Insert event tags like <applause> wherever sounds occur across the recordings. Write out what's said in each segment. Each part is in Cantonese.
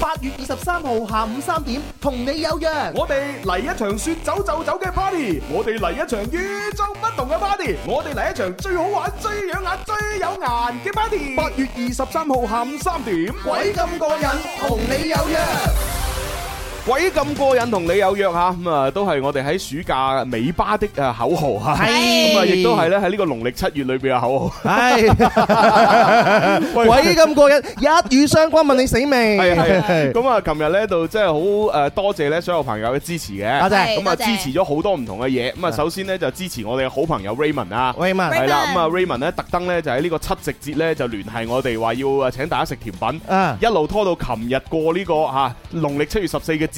八月二十三號下午三點，同你有約。我哋嚟一場說走就走嘅 party，我哋嚟一場與眾不同嘅 party，我哋嚟一場最好玩、最養眼、最有顏嘅 party。八月二十三號下午三點，鬼咁過癮，同你有約。鬼咁過癮同你有約吓，咁啊都係我哋喺暑假尾巴的誒口號吓，咁啊亦都係咧喺呢個農曆七月裏邊嘅口號。係是 <laughs> 鬼咁過癮，一語雙關問你死未？係係。咁啊，琴日咧就真係好誒，多謝咧所有朋友嘅支持嘅，多謝,謝。咁啊、嗯謝嗯，支持咗好多唔同嘅嘢。咁啊，首先呢就支持我哋嘅好朋友 Raymond 啊，Raymond 係啦。咁啊，Raymond 呢特登咧就喺呢個七夕節咧就聯繫我哋話要誒請大家食甜品，啊、一路拖到琴日過呢、這個吓農曆七月十四嘅節。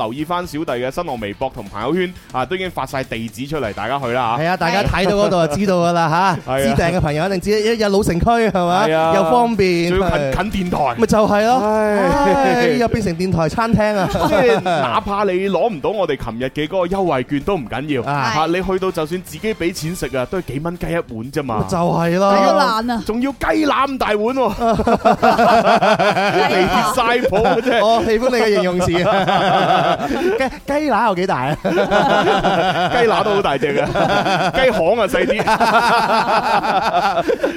留意翻小弟嘅新浪微博同朋友圈啊，都已經發晒地址出嚟，大家去啦係啊，大家睇到嗰度就知道噶啦吓。指定嘅朋友一定知，有老城區係咪？又方便。近近電台，咪就係咯。又變成電台餐廳啊！即係哪怕你攞唔到我哋琴日嘅嗰個優惠券都唔緊要吓，你去到就算自己俾錢食啊，都係幾蚊雞一碗啫嘛。就係啦，雞腩啊，仲要雞腩大碗，離晒譜，真係。我喜歡你嘅形容詞。雞雞乸有幾大啊？雞乸都好大隻嘅，雞巷啊細啲。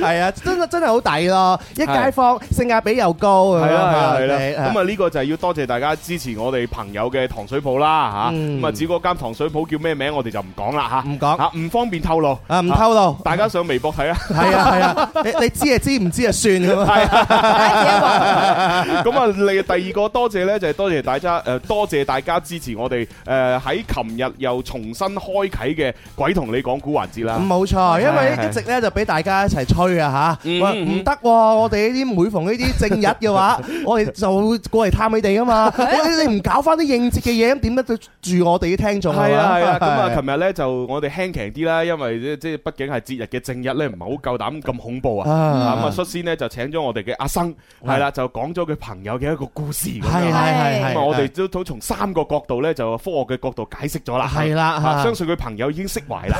係啊，真真係好抵咯，一街坊，性價比又高。係啊，係啦，咁啊呢個就係要多謝大家支持我哋朋友嘅糖水鋪啦吓。咁啊，只嗰間糖水鋪叫咩名，我哋就唔講啦吓，唔講啊，唔方便透露啊，唔透露。大家上微博睇啊。係啊係啊，你你知啊知，唔知啊算。係啊。咁啊，你第二個多謝咧，就係多謝大家誒，多謝大家支持我哋誒喺琴日又重新開啟嘅《鬼同你講古》環節啦，冇錯，因為一直咧就俾大家一齊吹啊嚇，唔得喎！我哋呢啲每逢呢啲正日嘅話，我哋就過嚟探你哋啊嘛，你唔搞翻啲應節嘅嘢，點樣得住我哋啲聽眾？啊？啊係啊！咁啊，琴日咧就我哋輕騎啲啦，因為即係畢竟係節日嘅正日咧，唔係好夠膽咁恐怖啊！咁啊，率先咧就請咗我哋嘅阿生係啦，就講咗佢朋友嘅一個故事。係係係，我哋都都從三個角度咧，就科學嘅角度解釋咗啦。係啦，相信佢朋友已經釋懷啦。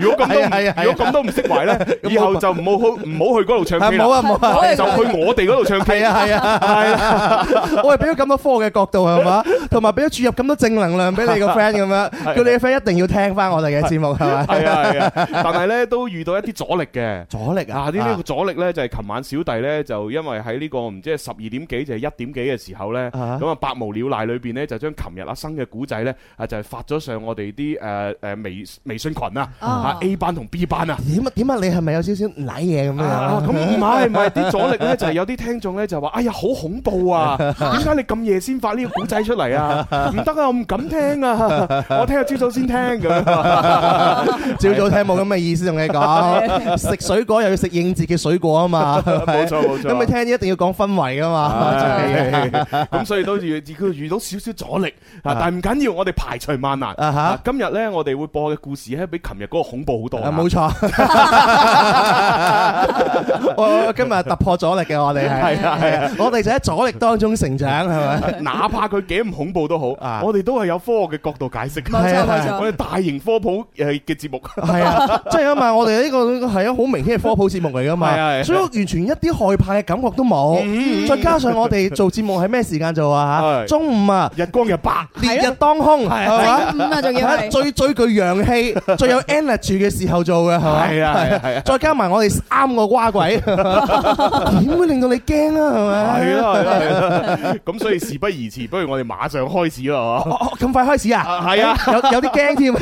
如果咁都唔，如果咁都唔釋懷咧，以後就唔好去，唔好去嗰度唱 K。冇啊冇，就去我哋嗰度唱 K 啊！係啊，係啊，我係俾咗咁多科學嘅角度係嘛，同埋俾咗注入咁多正能量俾你個 friend 咁樣，叫你嘅 friend 一定要聽翻我哋嘅節目係嘛。係啊係啊，但係咧都遇到一啲阻力嘅阻力啊！呢啲阻力咧就係琴晚小弟咧就因為喺呢個唔知係十二點幾定係一點幾嘅時候咧。咁啊，百無聊賴裏邊咧，就將琴日啊新嘅古仔咧，啊就係發咗上我哋啲誒誒微微信群啊，啊 A 班同 B 班是是啊，點啊點啊，你係咪有少少賴嘢咁啊？咁唔係唔係啲阻力咧，就係、是、有啲聽眾咧就話：哎呀，好恐怖啊！點解 <laughs> 你咁夜先發呢個古仔出嚟啊？唔得啊，我唔敢聽啊，我聽日朝 <laughs> 早先聽嘅，朝早聽冇咁嘅意思同你講。食 <laughs> 水果又要食應節嘅水果啊嘛，冇錯冇錯。咁你錯聽啲一定要講氛圍㗎嘛， <laughs> <laughs> <laughs> 所以都遇佢遇到少少阻力，但係唔緊要，我哋排除萬難。今日咧，我哋會播嘅故事咧，比琴日嗰個恐怖好多。冇、啊、錯， <laughs> 我今日突破阻力嘅我哋係，係 <laughs> 是啊，啊 <laughs> 我哋就喺阻力當中成長，係咪、啊啊啊？哪怕佢幾唔恐怖都好， <laughs> 啊、我哋都係有科學嘅角度解釋。啊啊、我哋大型科普嘅嘅節目係啊，即係 <laughs> 啊嘛，就係、因為我哋呢個係啊好明顯嘅科普節目嚟㗎嘛， <laughs> 啊、所以完全一啲害怕嘅感覺都冇。嗯、再加上我哋做節目喺咩時間？做啊吓，中午啊，日光日白，烈日當空，係嘛？中午啊，仲要最最具陽氣、最有 energy 嘅時候做嘅，係咪？係啊，係啊，係啊！再加埋我哋三個瓜鬼，點會令到你驚啊？係咪？係啊，係啊，係啊！咁所以事不宜遲，不如我哋馬上開始啦！哦，咁快開始啊？係啊，有有啲驚添。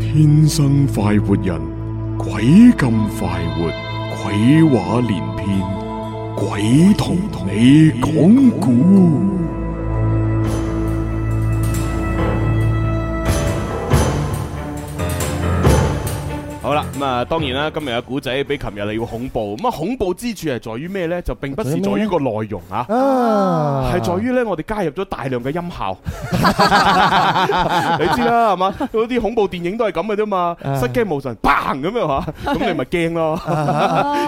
天生快活人，鬼咁快活，鬼話連篇。鬼同你講古。咁啊，當然啦，今日嘅古仔比琴日嚟要恐怖。咁啊，恐怖之處係在於咩咧？就並不是在於個內容啊，係在於咧，我哋加入咗大量嘅音效。你知啦，係嘛？嗰啲恐怖電影都係咁嘅啫嘛，失驚無神，bang 咁樣吓，咁你咪驚咯，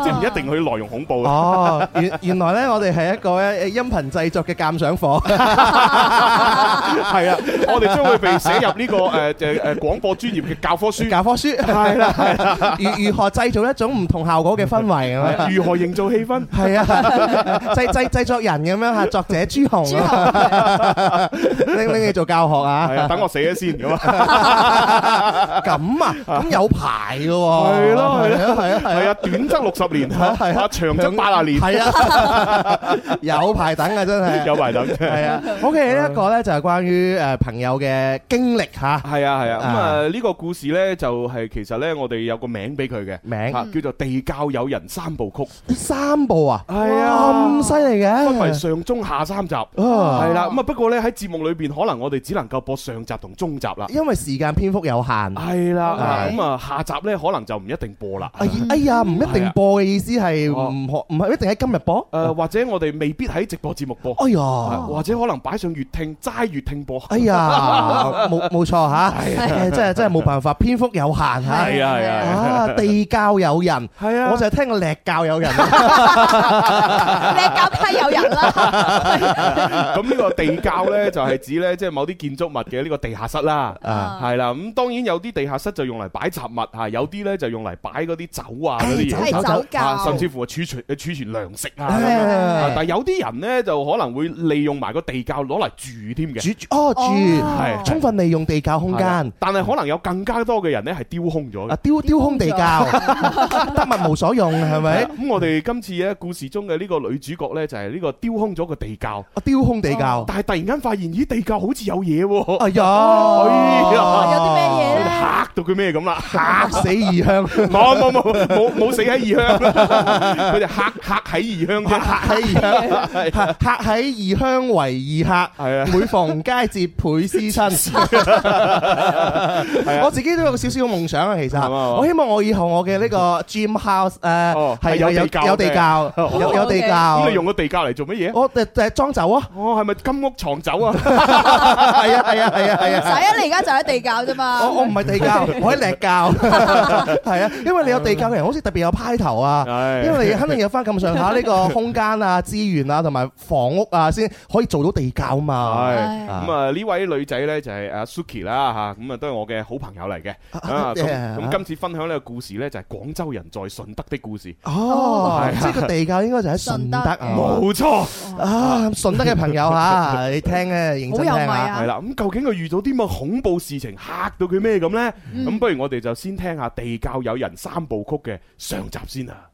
即係唔一定佢內容恐怖。哦，原原來咧，我哋係一個咧音頻製作嘅鑑賞課，係啊，我哋將會被寫入呢個誒誒誒廣播專業嘅教科書。教科書係啦，係如如何製造一種唔同效果嘅氛圍？如何營造氣氛？係啊，製製製作人咁樣嚇，作者朱紅。朱紅，拎拎嚟做教學啊！係啊，等我死咗先咁啊。咁啊，咁有排嘅喎。係咯，係啊，係啊，係啊，短則六十年，係啊，長則八啊年，係啊，有排等嘅真係，有排等嘅係啊。OK，呢一個咧就係關於誒朋友嘅經歷嚇。係啊，係啊。咁啊，呢個故事咧就係其實咧我哋有。個名俾佢嘅名，叫做《地窖有人三部曲》，三部啊，係啊，咁犀利嘅，分為上、中、下三集，係啦。咁啊，不過咧喺節目裏邊，可能我哋只能夠播上集同中集啦，因為時間篇幅有限，係啦。咁啊，下集咧可能就唔一定播啦。哎呀，唔一定播嘅意思係唔係，唔係一定喺今日播。誒，或者我哋未必喺直播節目播。哎呀，或者可能擺上月聽齋月聽播。哎呀，冇冇錯吓，真係真係冇辦法，篇幅有限吓。係啊，係啊。啊！地窖有人，係啊，我就係聽過瀝教有人，瀝教批有人啦。咁呢個地窖咧，就係指咧，即係某啲建築物嘅呢個地下室啦，係啦。咁當然有啲地下室就用嚟擺雜物吓，有啲咧就用嚟擺嗰啲酒啊嗰啲嘢，酒窖甚至乎啊儲存啊儲存糧食啊。但係有啲人咧，就可能會利用埋個地窖攞嚟住添嘅。住哦，住係充分利用地窖空間，但係可能有更加多嘅人咧係丟空咗嘅。丟丟。空地窖，得物無所用，係咪？咁我哋今次咧故事中嘅呢個女主角咧，就係呢個丟空咗個地窖，丟空地窖。但係突然間發現，咦地窖好似有嘢喎！啊有，有啲咩嘢咧？佢哋嚇到佢咩咁啦？嚇死異鄉，冇冇冇冇冇死喺異鄉，佢哋吓吓喺異鄉，吓喺異鄉，吓吓喺異鄉為異客，每逢佳節倍思親。我自己都有個少少嘅夢想啊，其實我希。咁啊！我以後我嘅呢個 gym house 誒係有地窖，有地窖，有地窖。咁你用個地窖嚟做乜嘢？我誒誒裝酒啊！我係咪金屋藏酒啊？係啊！係啊！係啊！係啊！使啊！你而家就喺地窖啫嘛！我我唔係地窖，我喺地窖。係啊，因為你有地窖嘅人，好似特別有派頭啊。因為你肯定有翻咁上下呢個空間啊、資源啊同埋房屋啊，先可以做到地窖啊嘛。咁啊，呢位女仔咧就係阿 Suki 啦嚇，咁啊都係我嘅好朋友嚟嘅。咁今次分享。呢個故事呢，就係廣州人在順德的故事哦，的即係個地窖應該就喺順德啊，冇錯 <laughs> 啊！順德嘅朋友吓，你聽咧認真聽啊，係啦，咁究竟佢遇到啲乜恐怖事情嚇到佢咩咁呢？咁、嗯、不如我哋就先聽下地窖有人三部曲嘅上集先啊！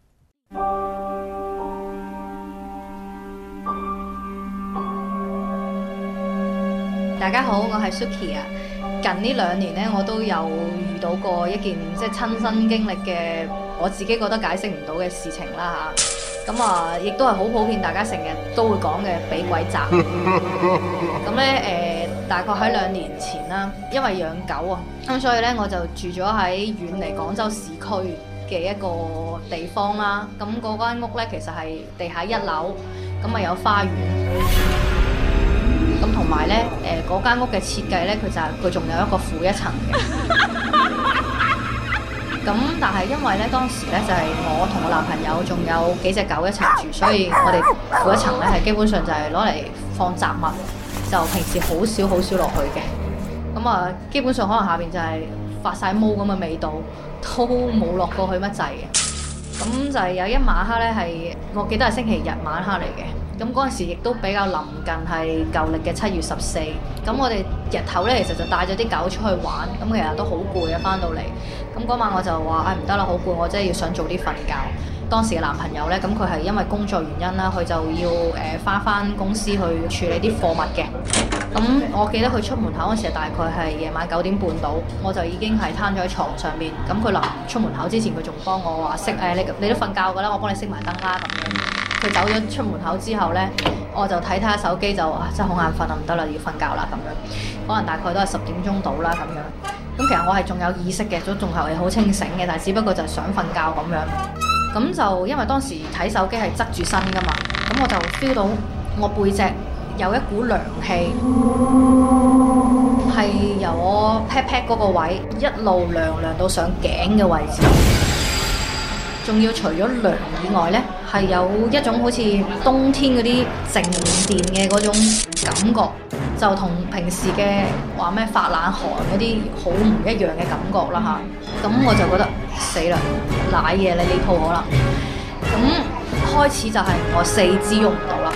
大家好，我係 Suki 啊。近呢兩年咧，我都有遇到過一件即係親身經歷嘅，我自己覺得解釋唔到嘅事情啦吓，咁啊，亦都係好普遍，大家成日都會講嘅俾鬼襲。咁咧誒，大概喺兩年前啦，因為養狗啊，咁所以咧我就住咗喺遠離廣州市區嘅一個地方啦。咁嗰間屋咧其實係地下一樓，咁啊有花園。咁同埋呢，誒、呃、嗰間屋嘅設計呢，佢就係佢仲有一個負一層嘅。咁 <laughs> 但係因為呢，當時呢就係、是、我同我男朋友仲有幾隻狗一齊住，所以我哋負一層呢係基本上就係攞嚟放雜物，就平時好少好少落去嘅。咁啊，基本上可能下邊就係發晒毛咁嘅味道，都冇落過去乜滯嘅。咁就係有一晚黑呢，係我記得係星期日晚黑嚟嘅。咁嗰陣時亦都比較臨近係舊歷嘅七月十四，咁我哋日頭咧其實就帶咗啲狗出去玩，咁其實都好攰啊，翻到嚟，咁嗰晚我就話，唉唔得啦，好攰，我真係要想早啲瞓覺。當時嘅男朋友呢，咁佢係因為工作原因啦，佢就要誒翻翻公司去處理啲貨物嘅。咁我記得佢出門口嗰時候大概係夜晚九點半到，我就已經係攤咗喺床上面。咁佢臨出門口之前，佢仲幫我話熄誒，你你都瞓覺㗎啦，我幫你熄埋燈啦咁樣。佢走咗出門口之後呢，我就睇下手機，就啊真係好眼瞓啊，唔得啦，要瞓覺啦咁樣，可能大概都係十點鐘到啦咁樣。咁其實我係仲有意識嘅，都仲係好清醒嘅，但係只不過就係想瞓覺咁樣。咁就因為當時睇手機係側住身噶嘛，咁我就 feel 到我背脊有一股涼氣，係由我 pat pat 嗰個位一路涼涼到上頸嘅位置，仲要除咗涼以外呢，係有一種好似冬天嗰啲靜電嘅嗰種感覺，就同平時嘅話咩發冷汗嗰啲好唔一樣嘅感覺啦吓。咁、啊、我就覺得死啦，瀨嘢你呢套好啦。咁開始就係我四肢用唔到啦，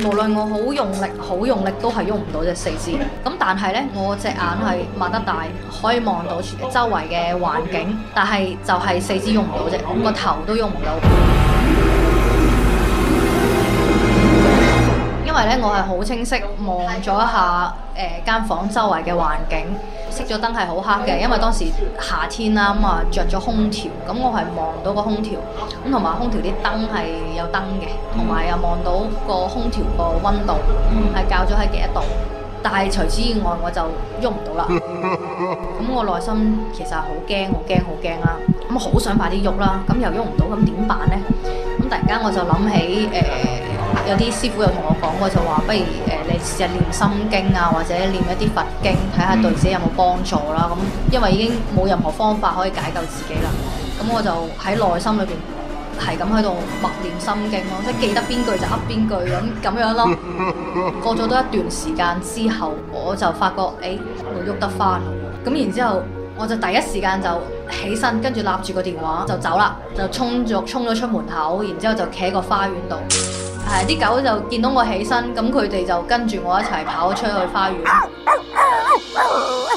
無論我好用力好用力都係用唔到隻四肢。咁但係呢，我隻眼係擘得大，可以望到周圍嘅環境，但係就係四肢用唔到啫，個頭都用唔到。因為咧，我係好清晰望咗一下，誒、呃，間房周圍嘅環境，熄咗燈係好黑嘅。因為當時夏天啦，咁、嗯、啊，着咗空調，咁、嗯、我係望到個空調，咁同埋空調啲燈係有燈嘅，同埋又望到個空調個温度係校咗喺幾多度。但係除此以外，我就喐唔到啦。咁、嗯、我內心其實係好驚，好驚好驚啦。咁好、嗯、想快啲喐啦，咁又喐唔到，咁點辦呢？咁、嗯、突然間我就諗起，誒、呃。有啲師傅又同我講過，就話不如誒、呃、你試下念心經啊，或者念一啲佛經，睇下對自己有冇幫助啦。咁、嗯、因為已經冇任何方法可以解救自己啦，咁、嗯、我就喺內心裏邊係咁喺度默念心經咯，即係記得邊句就噏邊句咁咁樣咯。 <laughs> 過咗多一段時間之後，我就發覺誒、哎、我喐得翻啦。咁然之後，我就第一時間就起身，跟住攞住個電話就走啦，就衝咗衝咗出門口，然之後就企喺個花園度。係啲、啊、狗就見到我起身，咁佢哋就跟住我一齊跑出去花園。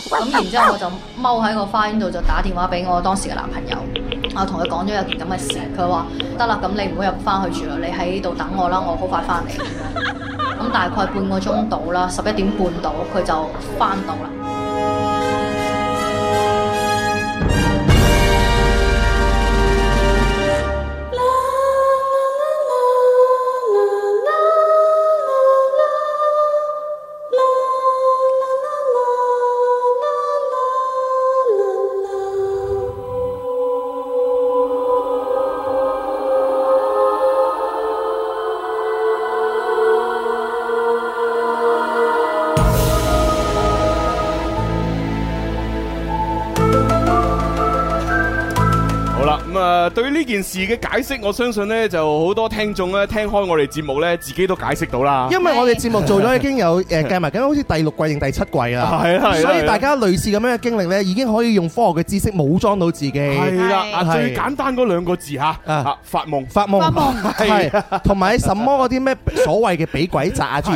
咁然之後我就踎喺個花園度就打電話俾我當時嘅男朋友，我同佢講咗有件咁嘅事，佢話得啦，咁你唔好入翻去住啦，你喺度等我啦，我好快翻嚟。咁大概半個鐘到啦，十一點半到，佢就翻到啦。對於呢件事嘅解釋，我相信呢就好多聽眾咧聽開我哋節目咧，自己都解釋到啦。因為我哋節目做咗已經有誒計埋緊，好似第六季定第七季啦。所以大家類似咁樣嘅經歷呢，已經可以用科學嘅知識武裝到自己。係啦，最簡單嗰兩個字嚇啊，發夢、發夢係同埋什麼嗰啲咩所謂嘅俾鬼扎啊。我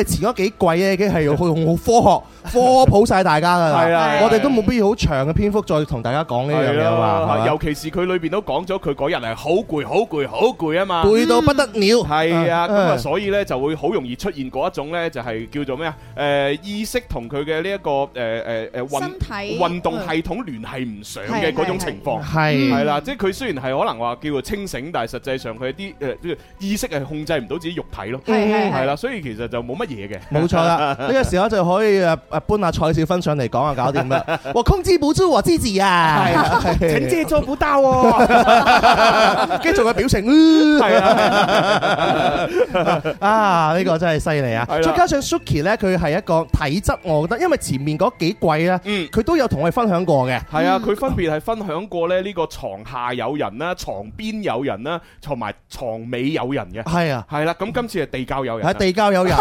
哋前嗰幾季已經係用科學、科普晒大家㗎啦。我哋都冇必要好長嘅篇幅再同大家講呢樣嘢。尤其是佢裏邊都講咗佢嗰日係好攰，好攰，好攰啊嘛，攰到不得了。係啊，咁啊，所以咧就會好容易出現嗰一種咧，就係叫做咩啊？誒，意識同佢嘅呢一個誒誒誒運運動系統聯繫唔上嘅嗰種情況。係係啦，即係佢雖然係可能話叫做清醒，但係實際上佢啲誒意識係控制唔到自己肉體咯。係係啦，所以其實就冇乜嘢嘅。冇錯啦，呢個時候就可以誒誒搬下蔡少芬上嚟講啊，搞掂啦。我控制不住我自己啊，請借做不到。跟住仲有表情，啊！呢個真係犀利啊！再加上 Suki 咧，佢係一個體質，我覺得，因為前面幾季咧，佢都有同我哋分享過嘅。係啊，佢分別係分享過咧呢個床下有人啦，床邊有人啦，同埋床尾有人嘅。係啊，係啦。咁今次係地窖有人，係地窖有人。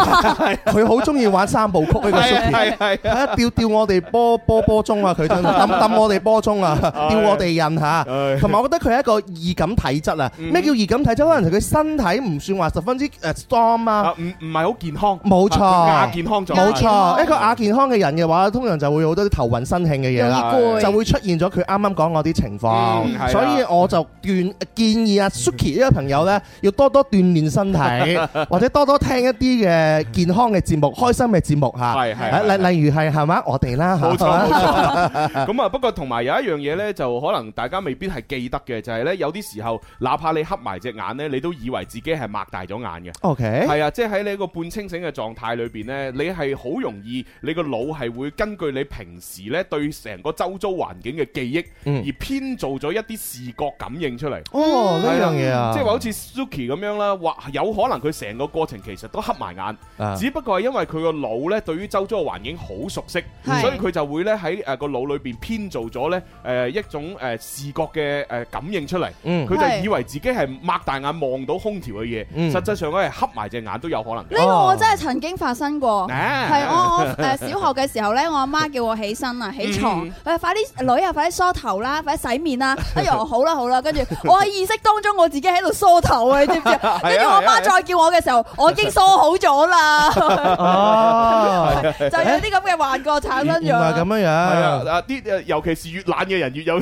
佢好中意玩三部曲呢個 Suki，係係，一吊吊我哋波波波鐘啊！佢真係抌抌我哋波鐘啊！吊我哋印吓，同埋我覺得佢。係一個易感體質啊！咩叫易感體質？可能佢身體唔算話十分之誒 s t o r m 啊，唔唔係好健康。冇錯，亞健康就冇錯，一個亞健康嘅人嘅話通常就會有好多啲頭暈身興嘅嘢啦，就會出現咗佢啱啱講嗰啲情況，所以我就建建議阿 Suki 呢個朋友咧，要多多鍛煉身體，或者多多聽一啲嘅健康嘅節目、開心嘅節目吓，係係，例例如係係嘛？我哋啦，冇錯冇錯，咁啊，不過同埋有一樣嘢咧，就可能大家未必係記得嘅。就係咧，有啲時候，哪怕你黑埋隻眼咧，你都以為自己係擘大咗眼嘅。OK，係啊，即係喺你一個半清醒嘅狀態裏邊咧，你係好容易，你個腦係會根據你平時咧對成個周遭環境嘅記憶而編造咗一啲視覺感應出嚟。哦、嗯，呢樣嘢啊，即係話好似 Suki 咁樣啦，哇有可能佢成個過程其實都黑埋眼，只不過係因為佢個腦咧對於周遭環境好熟悉，嗯、所以佢就會咧喺誒個腦裏邊編造咗咧誒一種誒視覺嘅誒感。認出嚟，佢、嗯、就以為自己係擘大眼望到空調嘅嘢，嗯、實際上佢係合埋隻眼都有可能。呢個我真係曾經發生過，係、啊、我我誒小學嘅時候咧，我阿媽叫我起身啊，嗯、起床，快啲女啊，快啲梳頭啦，快啲洗面啦。哎喲，好啦好啦，跟住我喺意識當中我自己喺度梳頭啊，你知唔知？跟住我阿媽再叫我嘅時候，我已經梳好咗啦。啊、 <laughs> 就有啲咁嘅幻覺產生咗，咁樣樣係啊，啲、啊、尤其是越懶嘅人越有。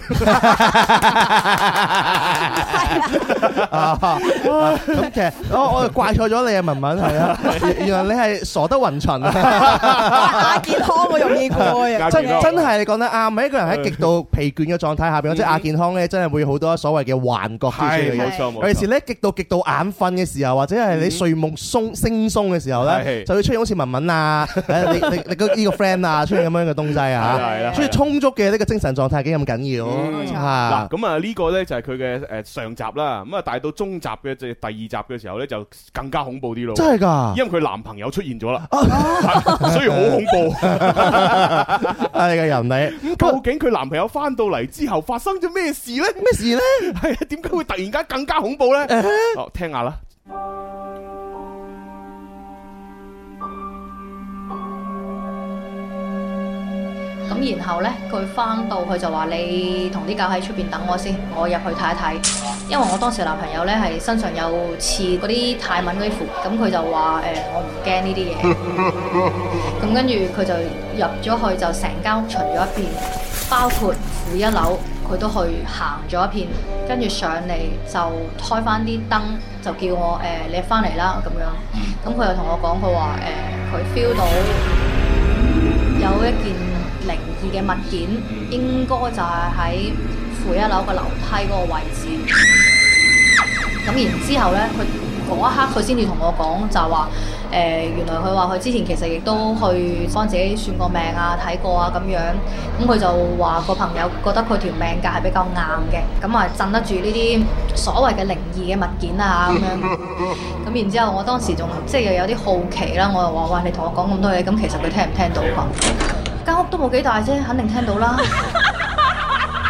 <laughs> 啊！咁其實我我係怪錯咗你啊，文文係啊，原來你係傻得勻巡啊！亞健康我容易攰啊，真真係你講得啱。咪一個人喺極度疲倦嘅狀態下邊，或者亞健康咧，真係會好多所謂嘅幻覺出現。係冇錯冇錯。尤其是咧，極度極度眼瞓嘅時候，或者係你睡夢鬆惺忪嘅時候咧，就會出現好似文文啊，你你你個呢個 friend 啊，出現咁樣嘅東西啊。係啦，所以充足嘅呢個精神狀態幾咁緊要啊。嗱，咁啊呢個咧。就係佢嘅誒上集啦，咁啊，大到中集嘅即係第二集嘅時候咧，就更加恐怖啲咯。真係㗎，因為佢男朋友出現咗啦，啊、 <laughs> 所以好恐怖。你嘅，人你究竟佢男朋友返到嚟之後發生咗咩事咧？咩事咧？係啊，點解會突然間更加恐怖咧？哦、啊，聽下啦。咁然後呢，佢翻到，佢就話：你同啲狗喺出邊等我先，我入去睇一睇。因為我當時男朋友呢係身上有刺嗰啲泰文嗰啲符，咁佢就話：誒、eh，我唔驚呢啲嘢。咁跟住佢就入咗去，就成間屋巡咗一遍，包括負一樓佢都去行咗一遍。跟住上嚟就開翻啲燈，就叫我誒、eh, 你翻嚟啦咁樣。咁佢 <laughs> 又同我講佢話誒，佢、eh, feel 到有一件靈異嘅物件，應該就係喺負一樓個樓梯嗰個位置。咁然之後咧，佢嗰一刻佢先至同我講，就話誒，原來佢話佢之前其實亦都去幫自己算過命啊、睇過啊咁樣。咁佢就話個朋友覺得佢條命格係比較硬嘅，咁啊鎮得住呢啲所謂嘅靈異嘅物件啊咁樣。咁然之後，我當時仲即係又有啲好奇啦，我又話：喂，你同我講咁多嘢，咁其實佢聽唔聽到啊？間屋都冇幾大啫，肯定聽到啦。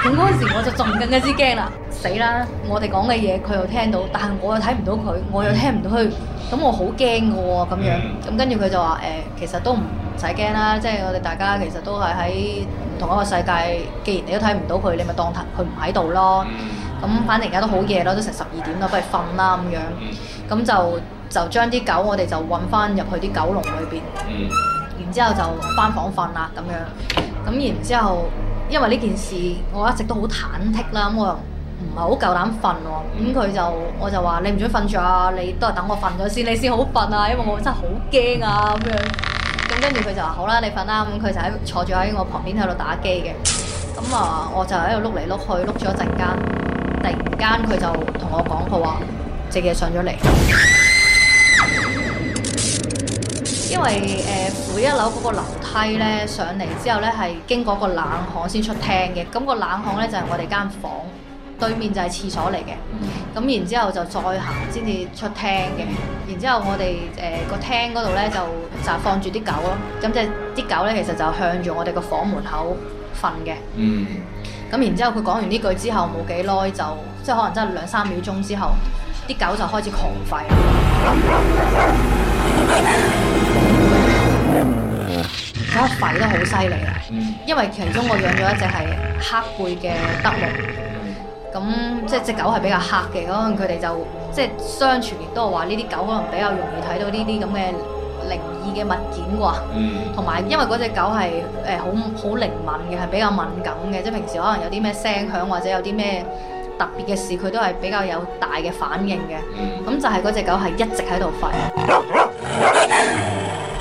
咁嗰 <laughs> 時我就仲更加之驚啦，死啦！ <laughs> 我哋講嘅嘢佢又聽到，但係我又睇唔到佢，我又聽唔到佢，咁我好驚噶喎！咁樣，咁跟住佢就話誒、欸，其實都唔使驚啦，即、就、係、是、我哋大家其實都係喺唔同一個世界。既然你都睇唔到佢，你咪當佢唔喺度咯。咁反正而家都好夜咯，都成十二點啦，不如瞓啦咁樣。咁就就將啲狗我哋就韞翻入去啲狗籠裏邊。然之後就翻房瞓啦，咁樣咁然之後，因為呢件事我一直都好忐忑啦，咁我又唔係好夠膽瞓喎，咁、嗯、佢就我就話你唔准瞓住啊，你都係等我瞓咗先，你先好瞓啊，因為我真係好驚啊咁樣。咁跟住佢就話好啦，你瞓啦，咁佢就喺坐住喺我旁邊喺度打機嘅，咁啊、 <laughs> 嗯、我就喺度碌嚟碌去碌咗一陣間，突然間佢就同我講佢話隻嘢上咗嚟。因為誒、呃，負一樓嗰個樓梯咧上嚟之後咧，係經過個冷巷先出廳嘅。咁、那個冷巷咧就係我哋間房對面就係廁所嚟嘅。咁、嗯、然之後就再行先至出廳嘅。然之後我哋誒、呃、個廳嗰度咧就就放住啲狗咯。咁即係啲狗咧其實就向住我哋個房門口瞓嘅。嗯。咁然之後佢講完呢句之後冇幾耐就即係可能真係兩三秒鐘之後，啲狗就開始狂吠。嗯嗯嗰個吠得好犀利啊！嗯、因為其中我養咗一隻係黑背嘅德牧，咁、嗯、即係隻狗係比較黑嘅。可能佢哋就即係相傳，亦都話呢啲狗可能比較容易睇到呢啲咁嘅靈異嘅物件啩。同埋、嗯、因為嗰隻狗係誒好好靈敏嘅，係比較敏感嘅，即係平時可能有啲咩聲響或者有啲咩特別嘅事，佢都係比較有大嘅反應嘅。咁、嗯嗯、就係嗰隻狗係一直喺度吠。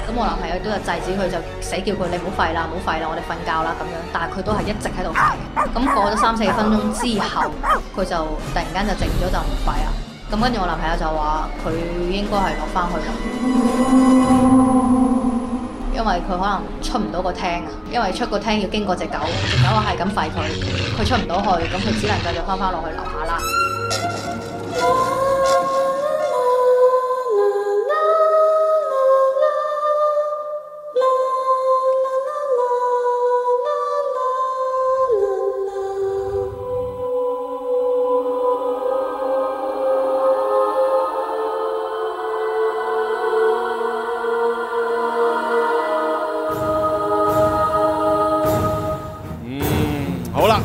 咁我男朋友都有制止佢，就死叫佢，你唔好吠啦，唔好吠啦，我哋瞓覺啦咁樣。但係佢都係一直喺度吠。咁過咗三四分鐘之後，佢就突然間就靜咗，就唔吠啦。咁跟住我男朋友就話，佢應該係落翻去啦，因為佢可能出唔到個廳啊。因為出個廳要經過隻狗，隻狗係咁吠佢，佢出唔到去，咁佢只能繼續翻翻落去樓下啦。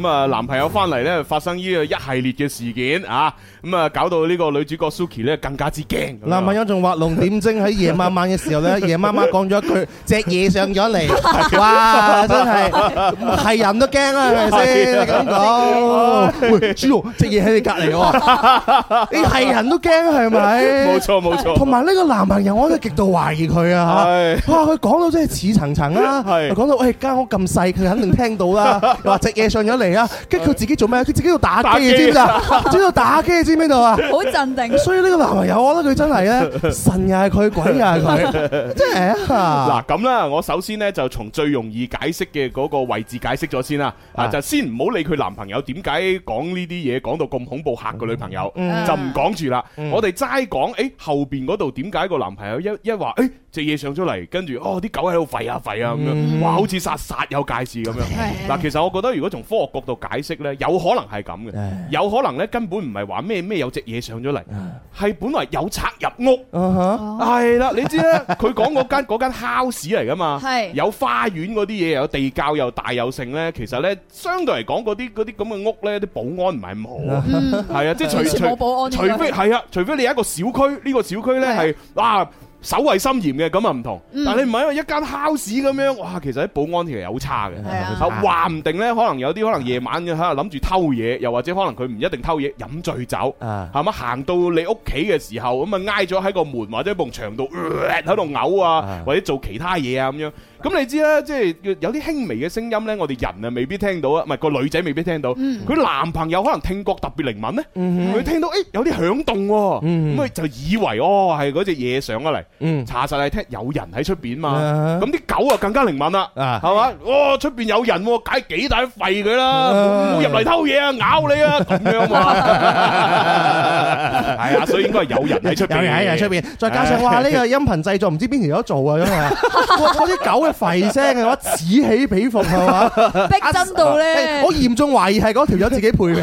咁啊，男朋友翻嚟咧，發生呢個一系列嘅事件啊，咁啊，搞到呢個女主角 Suki 咧更加之驚。男朋友仲畫龍點睛喺夜晚晚嘅時候咧，夜媽媽講咗一句：隻嘢上咗嚟，哇，真係係人都驚啦，係咪先咁講？喂，豬肉，隻嘢喺你隔籬，你係人都驚係咪？冇錯，冇錯。同埋呢個男朋友，我都極度懷疑佢啊，吓哇，佢講到真係似層層啦，係講到喂間屋咁細，佢肯定聽到啦，話隻嘢上咗嚟。係啊，跟住佢自己做咩啊？佢自己喺度打機，知唔知啊？知道打機，知唔知度啊？好鎮定。所以呢個男朋友，我覺得佢真係咧，神又係佢，鬼又係佢。真係嗱咁啦，我首先呢，就從最容易解釋嘅嗰個位置解釋咗先啦。啊，就先唔好理佢男朋友點解講呢啲嘢，講到咁恐怖嚇個女朋友，就唔講住啦。我哋齋講，誒後邊嗰度點解個男朋友一一話，誒隻嘢上咗嚟，跟住哦啲狗喺度吠啊吠啊咁樣，哇好似殺殺有介事咁樣。嗱，其實我覺得如果從科學角，度解釋咧，有可能係咁嘅，有可能咧根本唔係話咩咩有隻嘢上咗嚟，係本來有賊入屋，係啦、uh huh.，你知啦，佢講嗰間嗰間 house 嚟噶嘛，是有花園嗰啲嘢，有地窖又大又盛呢，其實呢，相對嚟講嗰啲啲咁嘅屋呢，啲保安唔係咁好，係啊、uh，即、huh. 係、就是、除 <laughs> 除保安，除, <laughs> 除非係啊，除非你係一個小區，呢、呢個小區呢係啊。守衛心嚴嘅咁啊唔同，嗯、但係你唔係因為一間 house 咁樣，哇其實啲保安其實好差嘅，話唔、啊、定呢，可能有啲可能夜晚嘅喺度諗住偷嘢，又或者可能佢唔一定偷嘢，飲醉酒，係咪行到你屋企嘅時候咁啊挨咗喺個門或者埲牆度喺度嘔啊，啊或者做其他嘢啊咁樣。咁你知啦，即係有啲輕微嘅聲音咧，我哋人啊未必聽到啊，唔係個女仔未必聽到。佢男朋友可能聽覺特別靈敏咧，佢聽到誒有啲響動，咁佢就以為哦係嗰隻嘢上咗嚟，查實係聽有人喺出邊啊嘛。咁啲狗啊更加靈敏啦，係嘛？哦出邊有人，解幾大吠佢啦！唔好入嚟偷嘢啊，咬你啊！咁樣嘛，係啊，所以應該係有人喺出邊，有人喺出邊。再加上哇，呢個音頻製作唔知邊條友做啊，因為嗰啲狗。吠聲嘅話此起彼伏啊，逼真到咧！我嚴重懷疑係嗰條友自己配嘅，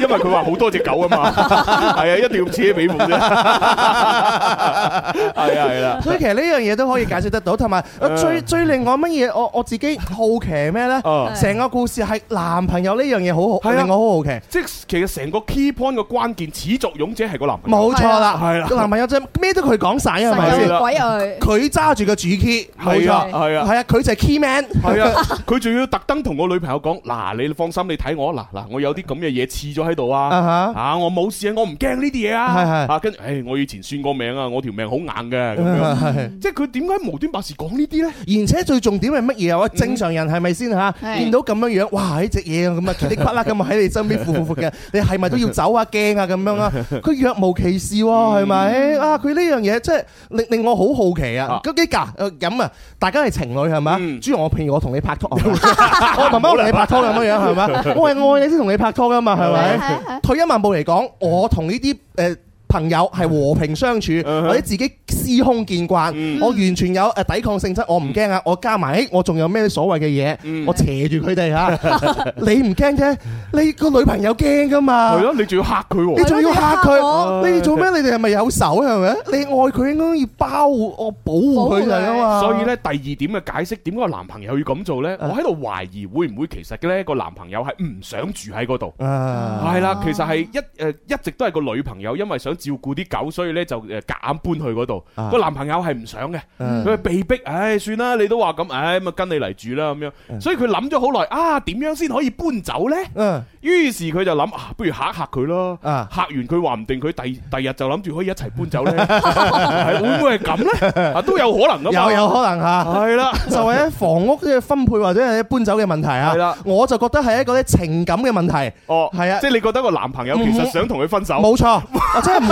因為佢話好多隻狗啊嘛，係啊，一定要此起彼伏啫，係啊係啦。所以其實呢樣嘢都可以解釋得到，同埋最最令我乜嘢？我我自己好奇咩咧？成個故事係男朋友呢樣嘢好好，我我好好奇，即係其實成個 key point 嘅關鍵始作俑者係個男朋友，冇錯啦，係啦，個男朋友真係咩都佢講晒啊，係咪先？鬼佢，佢揸住個主。係啊係啊係啊！佢就係 key man，係啊，佢仲要特登同我女朋友講：嗱，你放心，你睇我，嗱嗱，我有啲咁嘅嘢刺咗喺度啊，啊，我冇事啊，我唔驚呢啲嘢啊，係係啊，跟住，誒，我以前算過命啊，我條命好硬嘅，咁樣，即係佢點解無端白事講呢啲咧？而且最重點係乜嘢啊？正常人係咪先吓？見到咁樣樣，哇，呢隻嘢咁啊，噼里啪啦咁啊，喺你身邊伏伏伏嘅，你係咪都要走啊驚啊咁樣啊？佢若無其事喎，係咪？啊，佢呢樣嘢即係令令我好好奇啊！幾架？咁啊，大家係情侶係嘛？主要、嗯、我譬如我同你拍拖， <laughs> 我媽媽同你拍拖咁樣係嘛？我係愛你先同你拍拖噶嘛，係咪？ <laughs> 退一萬步嚟講，我同呢啲誒，呃朋友係和平相處，或者自己司空見慣，我完全有誒抵抗性質，我唔驚啊！我加埋，我仲有咩所謂嘅嘢？我斜住佢哋嚇，你唔驚啫？你個女朋友驚噶嘛？係咯，你仲要嚇佢喎！你仲要嚇佢？你做咩？你哋係咪有仇係咪？你愛佢應該要包我保護佢哋啊嘛！所以咧，第二點嘅解釋點解個男朋友要咁做咧？我喺度懷疑會唔會其實咧個男朋友係唔想住喺嗰度，係啦，其實係一誒一直都係個女朋友，因為想，照顧啲狗，所以咧就夾硬搬去嗰度。個男朋友係唔想嘅，佢係被逼。唉，算啦，你都話咁，唉，咁啊，跟你嚟住啦咁樣。所以佢諗咗好耐，啊，點樣先可以搬走咧？嗯，於是佢就諗啊，不如吓一吓佢咯。吓完佢話唔定，佢第第日就諗住可以一齊搬走咧。係會唔會係咁咧？都有可能噶，有有可能吓，係啦，就係房屋嘅分配或者係搬走嘅問題啊。係啦，我就覺得係一個啲情感嘅問題。哦，係啊，即係你覺得個男朋友其實想同佢分手？冇錯，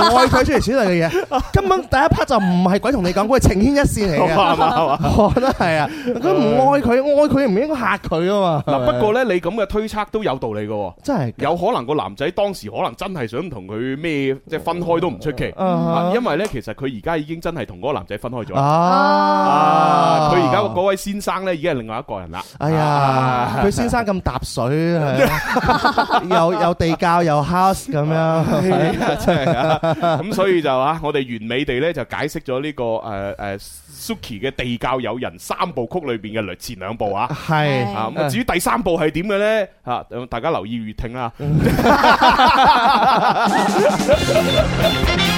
愛佢出嚟之類嘅嘢，根本第一 part 就唔係鬼同你講，佢係情牽一線嚟嘅，係嘛？我覺得係啊，佢唔愛佢，愛佢唔應該吓佢啊嘛。嗱，不過咧，你咁嘅推測都有道理嘅，真係有可能個男仔當時可能真係想同佢咩，即係分開都唔出奇。嗯嗯嗯、因為咧，其實佢而家已經真係同嗰個男仔分開咗啊。佢而家嗰位先生咧，已經係另外一個人啦。哎呀，佢、啊、先生咁踏水， <laughs> 啊、又又地窖又 house 咁樣，真係 <laughs> <laughs> <laughs> 咁、 <laughs> 嗯、所以就啊，我哋完美地咧就解釋咗呢個誒誒、呃呃、Suki 嘅地窖有人三部曲裏邊嘅前兩部啊，係、呃、啊，咁至於第三部係點嘅咧吓，大家留意預聽啦。 <laughs> <laughs> <laughs>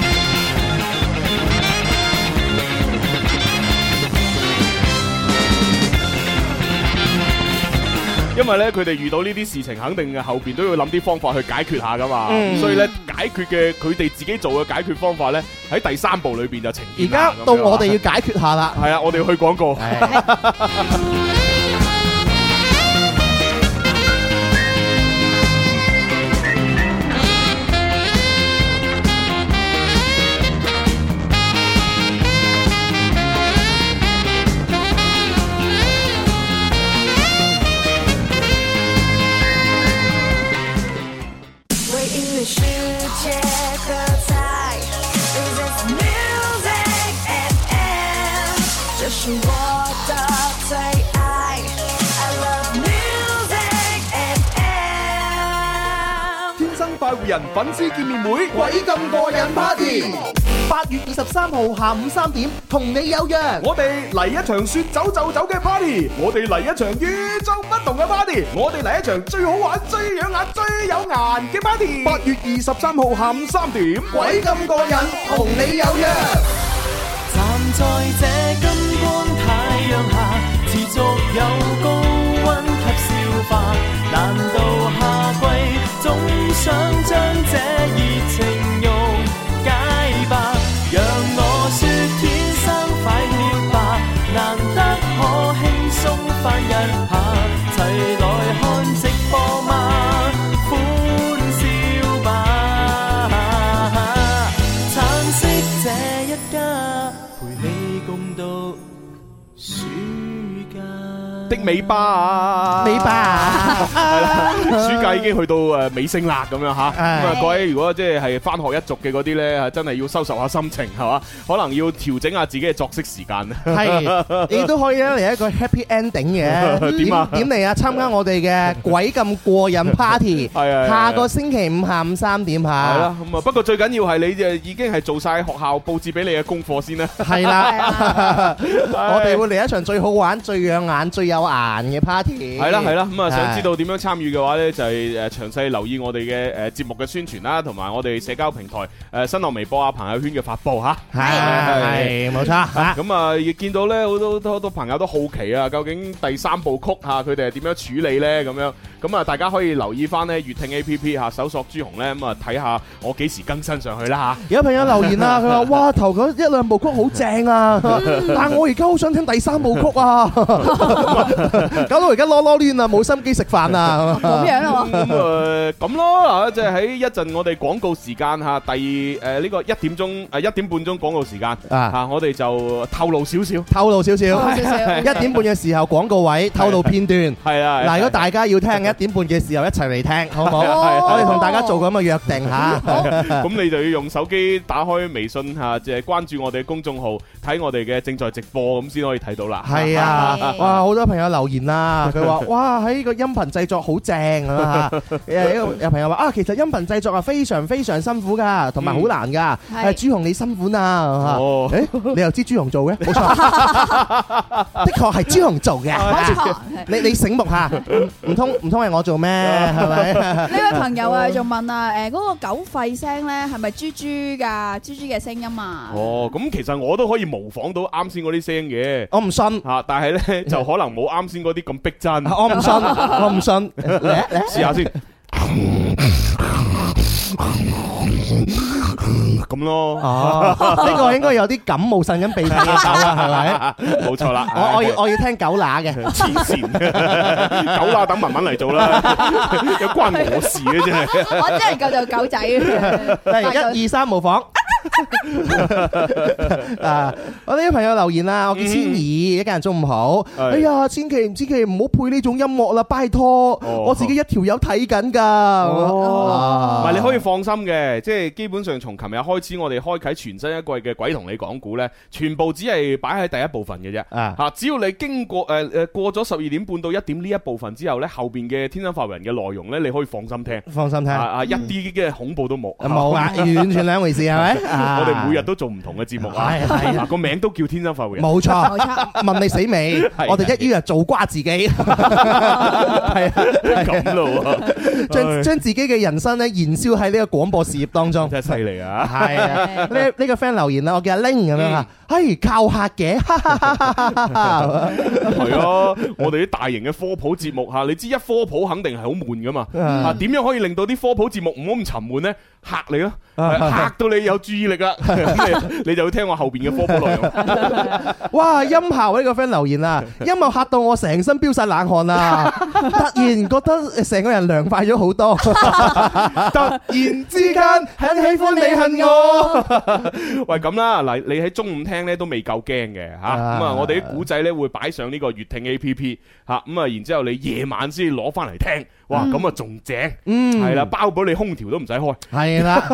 因為咧，佢哋遇到呢啲事情，肯定嘅後邊都要諗啲方法去解決下噶嘛，嗯、所以咧解決嘅佢哋自己做嘅解決方法咧，喺第三部裏邊就呈現。而家到我哋要解決下啦。係啊， <laughs> 我哋要去廣告。的 <laughs> 人粉絲見面會，鬼咁過癮！Party，八月二十三號下午三點，同你有約。我哋嚟一場說走就走嘅 party，我哋嚟一場與眾不同嘅 party，我哋嚟一場最好玩、最養眼、最有顏嘅 party。八月二十三號下午三點，鬼咁過癮，同你有約。站在這金光太陽下，持續有高溫及消化，難道下？想將這熱情。尾巴啊！尾巴啊！係啦，暑假已經去到誒尾聲啦，咁樣吓咁啊！哎、各位如果即係係翻學一族嘅啲咧，真係要收拾下心情，係嘛？可能要調整下自己嘅作息時間。係你都可以咧嚟一個 happy ending 嘅。點點嚟啊？參、啊啊、加我哋嘅鬼咁過癮 party <laughs> 的。係啊！下個星期五下午三點吓。係啦，咁啊！不過最緊要係你就已經係做晒學校布置俾你嘅功課先啦。係啦，我哋會嚟一場最好玩、最養眼、最有難嘅 party 係啦，係啦，咁 <noise> 啊樂想知道點樣參與嘅話呢，就係誒詳細留意我哋嘅誒節目嘅宣傳啦，同埋我哋社交平台誒新浪微博啊、朋友圈嘅發布吓，係冇錯，咁啊亦見、啊、到呢，好多好多朋友都好奇啊，究竟第三部曲吓佢哋係點樣處理呢？咁樣，咁啊大家可以留意翻咧粵聽 A P P 吓，搜索朱紅呢，咁啊睇下我幾時更新上去啦吓，啊、有朋友留言啊，佢話 <laughs> 哇，頭嗰一兩部曲好正啊， <laughs> 但係我而家好想聽第三部曲啊。搞到而家囉囉攣啊，冇心機食飯啊，咁樣啊？咁誒，咁咯，嗱，即係喺一陣我哋廣告時間吓，第二誒呢個一點鐘誒一點半鐘廣告時間啊，我哋就透露少少，透露少少，一點半嘅時候廣告位透露片段，係啊，嗱，如果大家要聽，一點半嘅時候一齊嚟聽，好唔好？我哋同大家做個咁嘅約定吓，咁你就要用手機打開微信吓，即係關注我哋嘅公眾號，睇我哋嘅正在直播，咁先可以睇到啦。係啊，哇，好多朋友。留言啦，佢話哇喺個音頻製作好正啊！有朋友話啊，其實音頻製作啊非常非常辛苦噶，同埋好難噶。係朱紅，你辛苦啊！哦，誒，你又知朱紅做嘅？冇錯，的確係朱紅做嘅。你你醒目下，唔通唔通係我做咩？係咪？呢位朋友啊，仲問啊，誒，嗰個狗吠聲咧係咪豬豬噶豬豬嘅聲音啊？哦，咁其實我都可以模仿到啱先嗰啲聲嘅。我唔信啊，但係咧就可能冇啱。啱先嗰啲咁逼真，我唔信，我唔信，嚟嚟，試下先，咁咯。哦，呢個應該有啲感冒，擤緊鼻涕啦，係咪？冇錯啦，我我要我要聽狗乸嘅，黐綫嘅，狗乸等文文嚟做啦，有關我事嘅真係，我真係夠做狗仔，真係一二三模仿。啊！我啲朋友留言啦，我叫千兒，一家人中午好。哎呀，千祈唔千祈唔好配呢種音樂啦，拜託。我自己一條友睇緊噶。唔係你可以放心嘅，即係基本上從琴日開始，我哋開啟全新一季嘅《鬼同你講古》呢，全部只係擺喺第一部分嘅啫。啊，只要你經過誒誒過咗十二點半到一點呢一部分之後呢，後邊嘅天生發人嘅內容呢，你可以放心聽，放心聽啊，一啲嘅恐怖都冇，冇啊，完全兩回事係咪？我哋每日都做唔同嘅節目啊，個名都叫天生快活人，冇錯，問你死未？我哋一於啊做瓜自己，係啊，咁咯，將將自己嘅人生咧燃燒喺呢個廣播事業當中，真係犀利啊！係啊，呢呢個 friend 留言啊，我叫阿 Ling 咁樣，哎，靠客嘅，係啊，我哋啲大型嘅科普節目吓，你知一科普肯定係好悶噶嘛，啊，點樣可以令到啲科普節目唔好咁沉悶咧？吓你咯，吓到你有注意。力啦， <music> 你就要聽我後邊嘅科普內容 <laughs> 。哇，音效呢個 friend 留言啊，音樂嚇到我成身飆晒冷汗啊！突然覺得成個人涼快咗好多。 <laughs> <laughs> 突然之間很喜歡你恨我 <laughs> 喂，喂咁啦，嗱，你喺中午聽咧都未夠驚嘅吓，咁啊，啊我哋啲古仔咧會擺上呢個月聽 A P P 吓，咁啊，然之後你夜晚先攞翻嚟聽。哇，咁啊仲正，係啦、嗯，包保你空調都唔使開。係啦，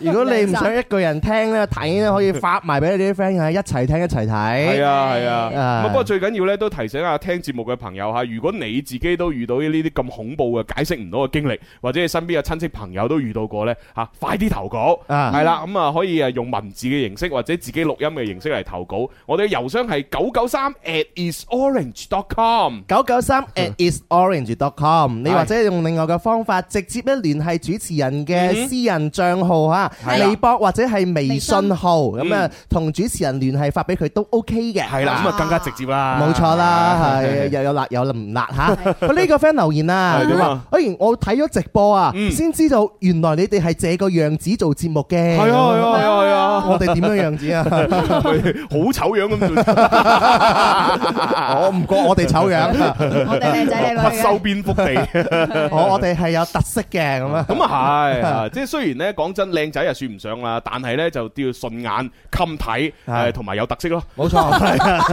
如果你唔想一個人聽咧睇咧，可以發埋俾你啲 friend 啊，一齊聽一齊睇。係啊係啊，不過最緊要咧都提醒下聽節目嘅朋友嚇，如果你自己都遇到呢啲咁恐怖嘅解釋唔到嘅經歷，或者你身邊嘅親戚朋友都遇到過咧嚇、啊，快啲投稿。係啦、啊，咁啊可以啊用文字嘅形式或者自己錄音嘅形式嚟投稿。我哋嘅郵箱係九九三 at isorange.com，九九三 at isorange.com，嗯啊或者用另外嘅方法直接咧聯繫主持人嘅私人帳號啊，微博或者係微信號咁啊，同主持人聯繫發俾佢都 OK 嘅。係啦，咁啊更加直接啦。冇錯啦，係又有辣有唔辣嚇。呢個 friend 留言啦，點啊？哎，我睇咗直播啊，先知道原來你哋係這個樣子做節目嘅。係啊係啊係啊！我哋點樣樣子啊？好醜樣咁！我唔覺我哋醜樣，我哋靚仔靚女。不修邊幅地。我哋係有特色嘅，咁啊，咁啊係，即係雖然咧講真，靚仔啊算唔上啦，但係咧就都要順眼、襟睇，係同埋有特色咯，冇錯。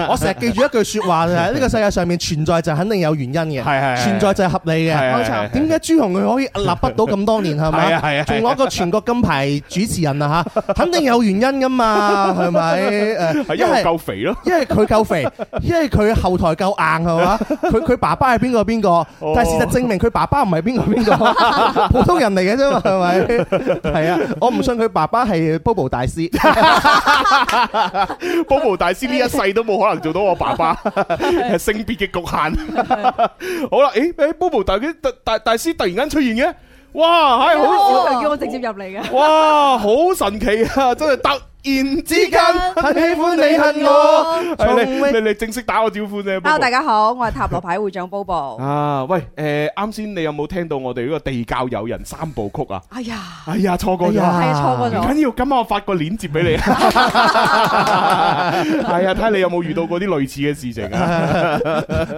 我成日記住一句說話，呢個世界上面存在就肯定有原因嘅，係，係存在就係合理嘅，冇錯。點解朱紅佢可以立不倒咁多年係咪？係啊，仲攞個全國金牌主持人啊吓，肯定有原因噶嘛，係咪？誒，因為夠肥咯，因為佢夠肥，因為佢後台夠硬係嘛，佢佢爸爸係邊個邊個？但係事實證明。佢爸爸唔係邊個邊個，普通人嚟嘅啫嘛，係咪？係啊，我唔信佢爸爸係 BoBo 大師 <laughs> <laughs> BoBo 大師呢一世都冇可能做到我爸爸， <laughs> 性別嘅的局限 <laughs> 好。好、欸、啦，誒誒 BoBo 大師大大，大，大師突然間出現嘅，哇，係好叫我直接入嚟嘅，哦哦、哇，好神奇啊，真係得！ <laughs> 然之間，很喜歡你，恨我。你嚟，正式打我招呼啫。Hello，大家好，我係塔羅牌會長 Bobo。啊，喂，誒，啱先你有冇聽到我哋呢個地窖有人三部曲啊？哎呀，哎呀，錯過咗，係啊，錯過咗。唔緊要，今晚我發個鏈接俾你。係啊，睇下你有冇遇到過啲類似嘅事情啊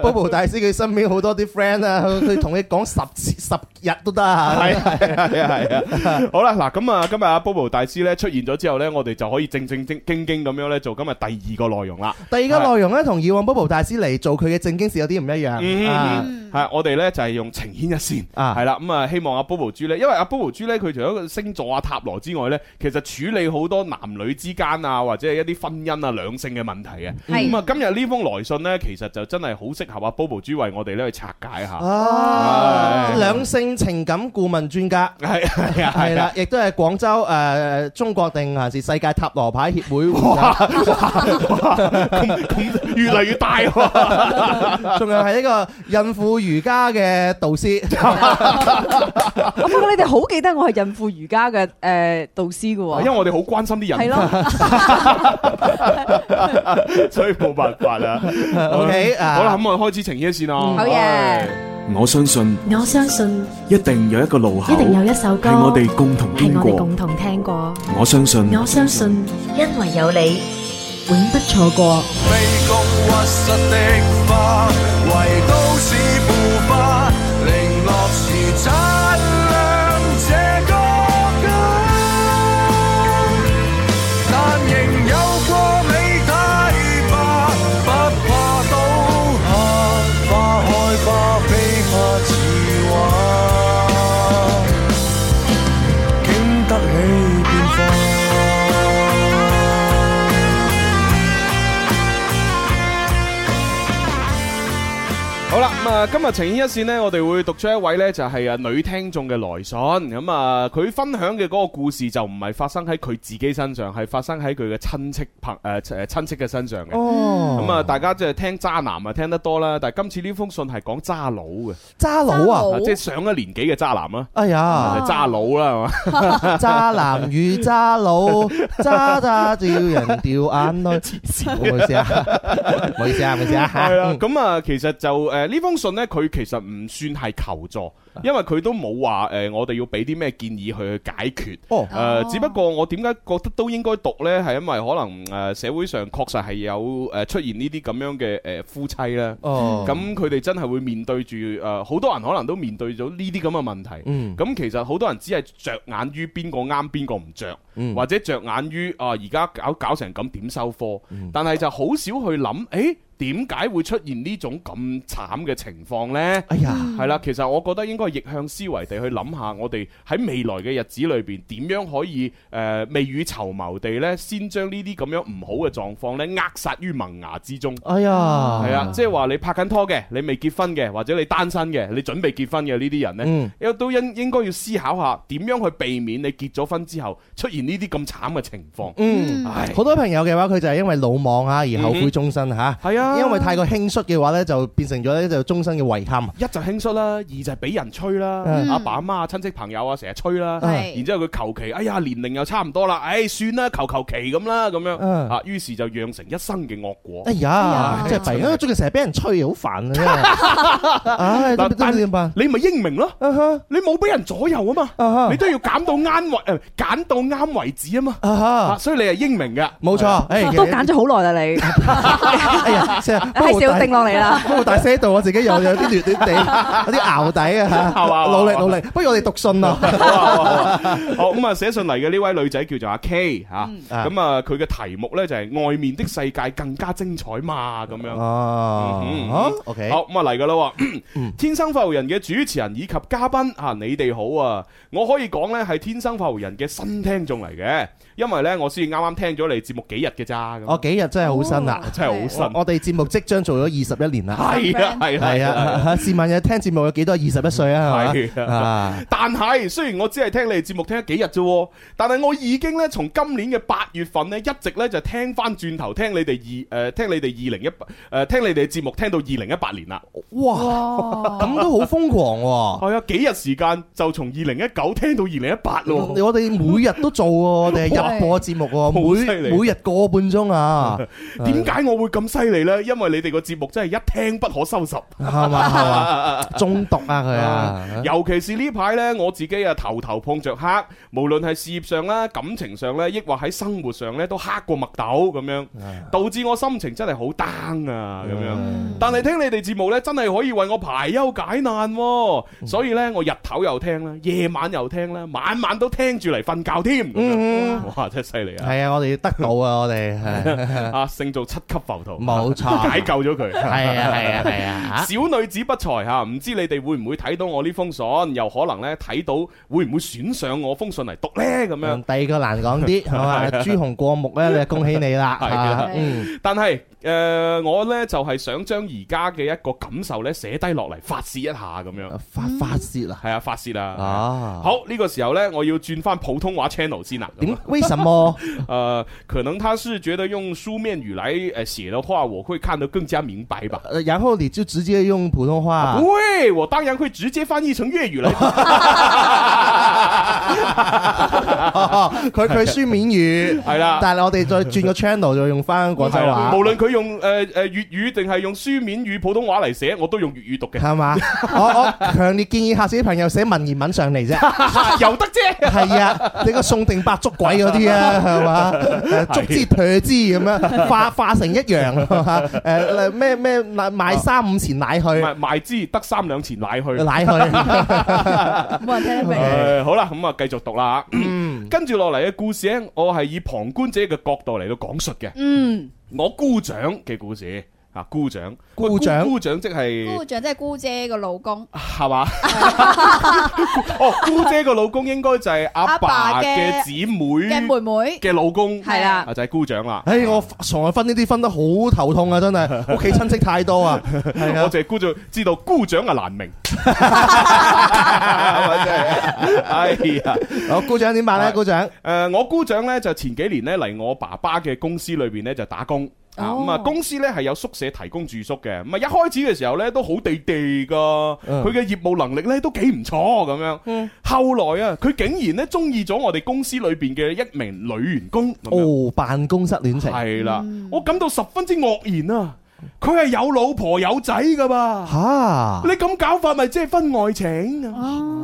？Bobo 大師佢身邊好多啲 friend 啊，佢同你講十十日都得。啊。係係係啊，好啦，嗱，咁啊，今日阿 Bobo 大師咧出現咗之後咧，我哋就。可以正正正經經咁樣咧做今日第二個內容啦。第二個內容咧同是以往 bobo 大師嚟做佢嘅正經事有啲唔一樣。係、mm hmm. uh.，我哋咧就係、是、用情牽一線啊，係啦、uh.，咁、嗯、啊希望阿 bobo 豬咧，因為阿 bobo 豬咧佢除咗一個星座啊塔羅之外咧，其實處理好多男女之間啊或者係一啲婚姻啊兩性嘅問題嘅。咁啊、mm hmm. 嗯、今日呢封來信咧，其實就真係好適合阿 bobo 豬為我哋咧去拆解下。兩性情感顧問專家係係係啦，亦都係廣州誒、uh, 中國定還是世界？塔羅牌協會，會越嚟越大，仲有係一個孕婦瑜伽嘅導師。不過、嗯嗯嗯、你哋好記得我係孕婦瑜伽嘅誒、呃、導師噶，因為我哋好關心啲人。係咯了， <laughs> 所以冇辦法啦。OK，、uh, 好啦，咁我哋開始呈歌先啦。好嘅。好嗯我相信，我相信一定有一個路口，一定有一首歌係我哋共，共同聽過。我相信，我相信，我相信因為有你，永不錯過。啊、呃，今日情牽一線呢，我哋會讀出一位咧，就係、是、啊女聽眾嘅來信。咁、呃、啊，佢分享嘅嗰個故事就唔係發生喺佢自己身上，係發生喺佢嘅親戚朋誒誒親戚嘅身上嘅。哦，咁語啊， <noise> 大家即係聽渣男啊，聽得多啦。但係今次呢封信係講渣佬嘅。渣佬啊，啊，即係上一年紀上咗年紀嘅渣男啊，哎呀，嗯就是、渣佬啦，係嘛？渣男與渣佬，渣渣就要人掉眼淚。唔 <laughs> 經病、啊、 <laughs> 好意思啊，唔好意思啊，唔好意思啊。咁啊、嗯，其實就誒呢封。呃信咧，佢其實唔算係求助，因為佢都冇話誒，我哋要俾啲咩建議佢去解決。哦、呃，只不過我點解覺得都應該讀呢？係因為可能誒、呃，社會上確實係有誒、呃、出現呢啲咁樣嘅誒、呃、夫妻呢。哦，咁佢哋真係會面對住誒，好、呃、多人可能都面對咗呢啲咁嘅問題。嗯，咁、嗯、其實好多人只係着眼於邊個啱，邊個唔着，或者着眼於啊，而、呃、家搞搞成咁點收科，但係就好少去諗誒。欸點解會出現呢種咁慘嘅情況呢？哎呀，係啦，其實我覺得應該逆向思維地去諗下，我哋喺未來嘅日子裏邊，點樣可以誒未雨綢繆地咧，先將呢啲咁樣唔好嘅狀況咧扼殺於萌芽之中。哎呀，係啊，即係話你拍緊拖嘅，你未結婚嘅，或者你單身嘅，你準備結婚嘅呢啲人呢，都、嗯呃、應應該要思考下點樣去避免你結咗婚之後出現呢啲咁慘嘅情況。嗯，好、嗯、多朋友嘅話，佢就係因為魯莽啊而後悔終身吓。係啊。因為太過輕率嘅話咧，就變成咗咧就終身嘅遺憾。一就輕率啦，二就係俾人催啦。阿爸阿媽、親戚朋友啊，成日催啦。然之後佢求其，哎呀年齡又差唔多啦，哎算啦，求求其咁啦，咁樣啊。於是就釀成一生嘅惡果。哎呀，真係啊，最近成日俾人催，好煩啊。但點辦？你咪英明咯，你冇俾人左右啊嘛，你都要揀到啱為，揀到啱為止啊嘛。所以你係英明嘅，冇錯。都揀咗好耐啦，你。即係，我定落嚟啦。我大寫到我自己又有啲亂亂地，有啲淆底啊 <laughs> 好努力努力。不如我哋讀信， <laughs> 好好好信 K，啊。好、嗯、咁啊，寫信嚟嘅呢位女仔叫做阿 K 吓，咁啊佢嘅題目咧就係、是、外面的世界更加精彩嘛咁樣。哦，好 OK。好咁啊嚟噶啦。天生發號人嘅主持人以及嘉賓啊，你哋好啊。我可以講咧係天生發號人嘅新聽眾嚟嘅，因為咧我先啱啱聽咗你節目幾日嘅咋。我、哦、幾日真係好新啊，哦、真係好新。我哋。我我我我節目即將做咗二十一年啦，係啊係啊，哈！試問有聽節目有幾多二十一歲啊，係嘛、啊啊啊啊啊啊啊？但係雖然我只係聽你哋節目聽咗幾日啫，但係我已經咧從今年嘅八月份咧一直咧就聽翻轉頭聽你哋二誒、呃、聽你哋二零一誒、呃、聽你哋節目聽到二零一八年啦。哇！咁都好瘋狂喎、啊！係啊，幾日時間就從二零一九聽到二零一八咯。我哋每日都做，我哋係日播節目， <laughs> 哇每每日個半鐘啊。點解 <laughs> 我會咁犀利咧？因為你哋個節目真係一聽不可收拾，中毒啊佢啊，尤其是呢排呢，我自己啊頭頭碰着黑，無論係事業上啦、感情上咧，抑或喺生活上咧，都黑過墨斗咁樣，導致我心情真係好 down 啊咁樣。但係聽你哋節目呢，真係可以為我排憂解難，所以呢，我日頭又聽啦，夜晚又聽啦，晚晚都聽住嚟瞓覺添。哇，真係犀利啊！係 <laughs> 啊，我哋要得到啊，我哋啊，勝做七級浮屠。冇錯。解救咗佢，係啊係啊係啊！啊啊 <laughs> 小女子不才吓，唔知你哋會唔會睇到我呢封信，又可能咧睇到會唔會選上我封信嚟讀咧？咁樣第二個難講啲，係嘛？朱、 <laughs> 啊、紅過目咧，你恭喜你啦！ <laughs> 啊啊、嗯，但係誒、呃，我咧就係、是、想將而家嘅一個感受咧寫低落嚟，發泄一下咁樣。發發泄啊，係啊，發泄啦！啊，啊好呢、這個時候咧，我要轉翻普通話 channel 先啦。點？為什麼？誒、 <laughs> 呃，可能他是覺得用書面語嚟誒寫的話，我會看得更加明白吧？啊，然後你就直接用普通話？啊，不會，我當然會直接翻譯成粵語了。 <laughs> <laughs> 佢佢、 <laughs> 哦哦、書面語係啦，的但係我哋再轉個 channel，就用翻廣州話。無論佢用誒誒、呃、粵語定係用書面語普通話嚟寫，我都用粵語讀嘅。係嘛？我 <laughs> 我，我強烈建議下邊啲朋友寫文言文上嚟啫，由得啫。係 <laughs> 啊，你個宋定伯捉鬼嗰啲啊，係嘛？的捉之唾之咁樣，化化成一樣。誒咩咩賣三五錢乃去？賣賣支得三兩錢乃去？乃去冇人聽明。嗯、好啦，咁、嗯、啊，繼續讀啦 <coughs> 跟住落嚟嘅故事呢，我係以旁觀者嘅角度嚟到講述嘅。嗯，我姑丈嘅故事。啊姑丈，姑丈掌，姑丈即係姑丈，即係姑姐個老公吧，係嘛？哦，姑姐個老公應該就係阿爸嘅姊妹嘅妹妹嘅老公，係啦，啊、就係姑丈啦。唉、哎，我從來分呢啲分得好頭痛啊，真係屋企親戚太多 <laughs> 啊，我淨係姑丈知道姑丈啊難明，係咪真係？哎呀，我姑丈點辦咧？姑丈，誒、啊呃，我姑丈咧就前幾年咧嚟我爸爸嘅公司裏邊咧就打工。咁啊、嗯嗯、公司咧係有宿舍提供住宿嘅，咁啊一開始嘅時候咧都好地地噶，佢嘅、嗯、業務能力咧都幾唔錯咁樣。嗯、後來啊，佢竟然咧中意咗我哋公司裏邊嘅一名女員工，哦，樣辦公室戀情係啦，了嗯、我感到十分之愕然啊！佢係有老婆有仔噶嘛？吓，你咁搞法咪即係婚外情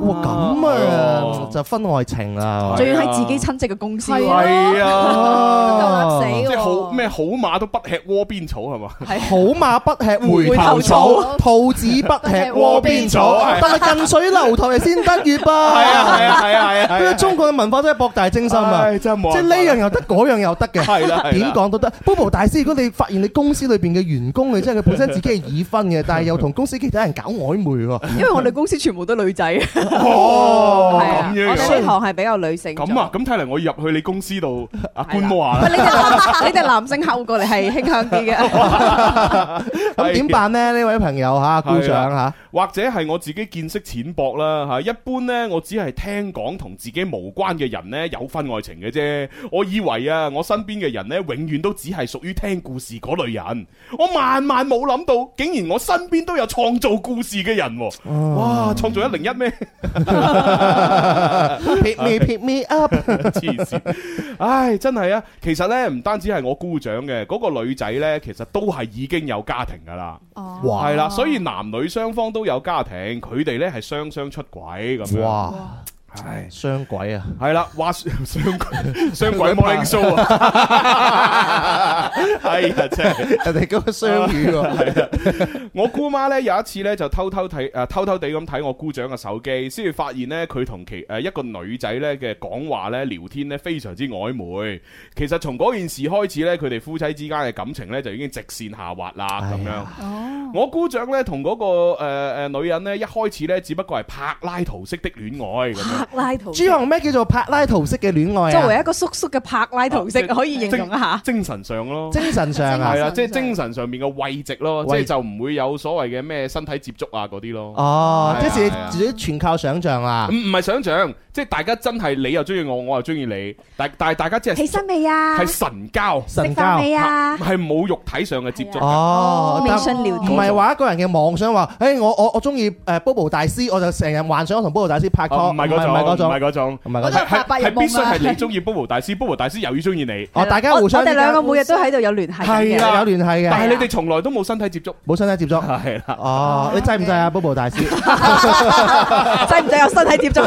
咁啊，就婚外情啦，仲要喺自己親戚嘅公司，係啊，死！即係好咩？好馬都不吃窩邊草係嘛？好馬不吃回頭草，兔子不吃窩邊草，但係近水樓台先得月吧？係啊係啊係啊係啊！佢哋中國嘅文化真係博大精深啊！即係呢樣又得，嗰樣又得嘅，係啦，點講都得。BoBo 大師，如果你發現你公司裏邊嘅員，公女即係佢本身自己係已婚嘅，但係又同公司其他人搞曖昧喎。因為我哋公司全部都女仔。哦，咁樣，我哋行係比較女性。咁啊，咁睇嚟我要入去你公司度啊，觀摩啊。你哋男性溝過嚟係傾向啲嘅。咁點辦咧？呢位朋友嚇，姑丈嚇，或者係我自己見識淺薄啦嚇。一般咧，我只係聽講同自己無關嘅人咧有婚外情嘅啫。我以為啊，我身邊嘅人咧永遠都只係屬於聽故事嗰類人。我。萬萬冇諗到，竟然我身邊都有創造故事嘅人，哇！創造一零一咩？Pick me，Pick me up，黐線！唉，真係啊，其實呢，唔單止係我姑丈嘅，嗰、嗰個女仔呢，其實都係已經有家庭噶啦，係啦哇，所以男女雙方都有家庭，佢哋呢係雙雙出軌咁哇！唉，雙鬼啊，係啦，話雙鬼，雙 <laughs> 鬼摸靈書啊，係啊、 <laughs> <laughs> 哎，真、就、係、是、 <laughs> <laughs> 人哋講雙語啊，係啊，我姑媽咧有一次咧就偷偷睇，誒，偷偷地咁睇我姑丈嘅手機，先至發現咧佢同其誒、呃、一個女仔咧嘅講話咧聊天咧非常之曖昧。其實從嗰件事開始咧，佢哋夫妻之間嘅感情咧就已經直線下滑啦，咁樣、哎呀。哦、我姑丈咧同嗰個誒誒女人咧一開始咧只不過係柏拉圖式的戀愛咁樣。 <laughs> 柏拉圖？朱紅咩叫做柏拉圖式嘅戀愛啊？作為一個叔叔嘅柏拉圖式，可以形容一下精神上咯，精神上係啊，即係精神上面嘅慰藉咯，即係就唔會有所謂嘅咩身體接觸啊嗰啲咯。哦，即係自己全靠想像啊？唔唔係想像，即係大家真係你又中意我，我又中意你，但但係大家即係起身未啊？係神交，神交未啊？係冇肉體上嘅接觸。哦，微信聊唔係話一個人嘅妄想話，誒我我我中意誒 Bobo 大師，我就成日幻想同 Bobo 大師拍拖。唔係唔係嗰種，唔係嗰種，係必須係你中意 Bobo 大師，Bobo 大師又要中意你。哦，大家互相，我哋兩個每日都喺度有聯繫，有聯繫嘅。但係你哋從來都冇身體接觸，冇身體接觸。係啦，哦，你制唔制啊，Bobo 大師？制唔制有身體接觸？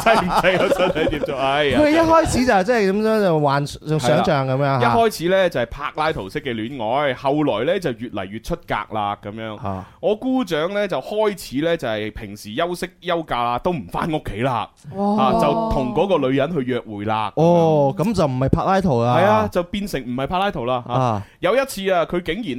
制唔制有身體接觸？係。佢一開始就係即係咁樣就幻想象咁樣。一開始咧就係柏拉圖式嘅戀愛，後來咧就越嚟越出格啦咁樣。我姑丈咧就開始咧就係平時休息休假。都唔翻屋企啦，哦、啊就同嗰個女人去約會啦。哦，咁樣、哦、就唔係柏拉圖啦。係啊，就變成唔係柏拉圖啦。啊，啊，有一次啊，佢竟然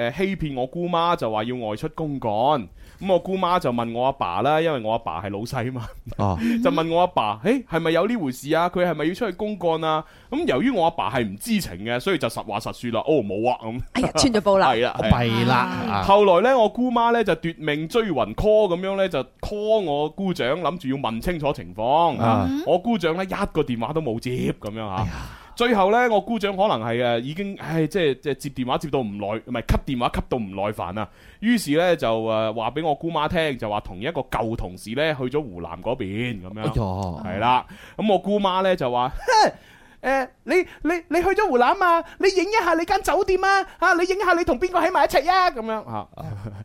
咧誒誒欺騙我姑媽，就話要外出公幹。咁、嗯、我姑媽就問我阿爸啦，因為我阿爸係老細嘛，哦、 <laughs> 就問我阿爸，爸，誒係咪有呢回事啊？佢係咪要出去公幹啊？咁、嗯、由於我阿爸係唔知情嘅，所以就實話實說啦。哦，冇啊，咁，哎呀，穿咗煲啦，係啦， <laughs> 弊啦。啊、後來呢，我姑媽呢就奪命追魂 call 咁樣呢就 call 我姑丈，諗住要問清楚情況。啊嗯、我姑丈呢一個電話都冇接咁樣吓。哎最後呢，我姑丈可能係誒，已經唉，即係即係接電話接到唔耐，唔係 cut 電話 cut 到唔耐煩啊。於是呢，就誒話俾我姑媽聽，就話同一個舊同事，呢去咗湖南嗰邊咁樣，係啦、哎呦。咁我姑媽呢，就話。 <laughs> 誒，你你你去咗湖南啊？你影一下你間酒店啊？吓，你影一下你同邊個喺埋一齊啊。咁樣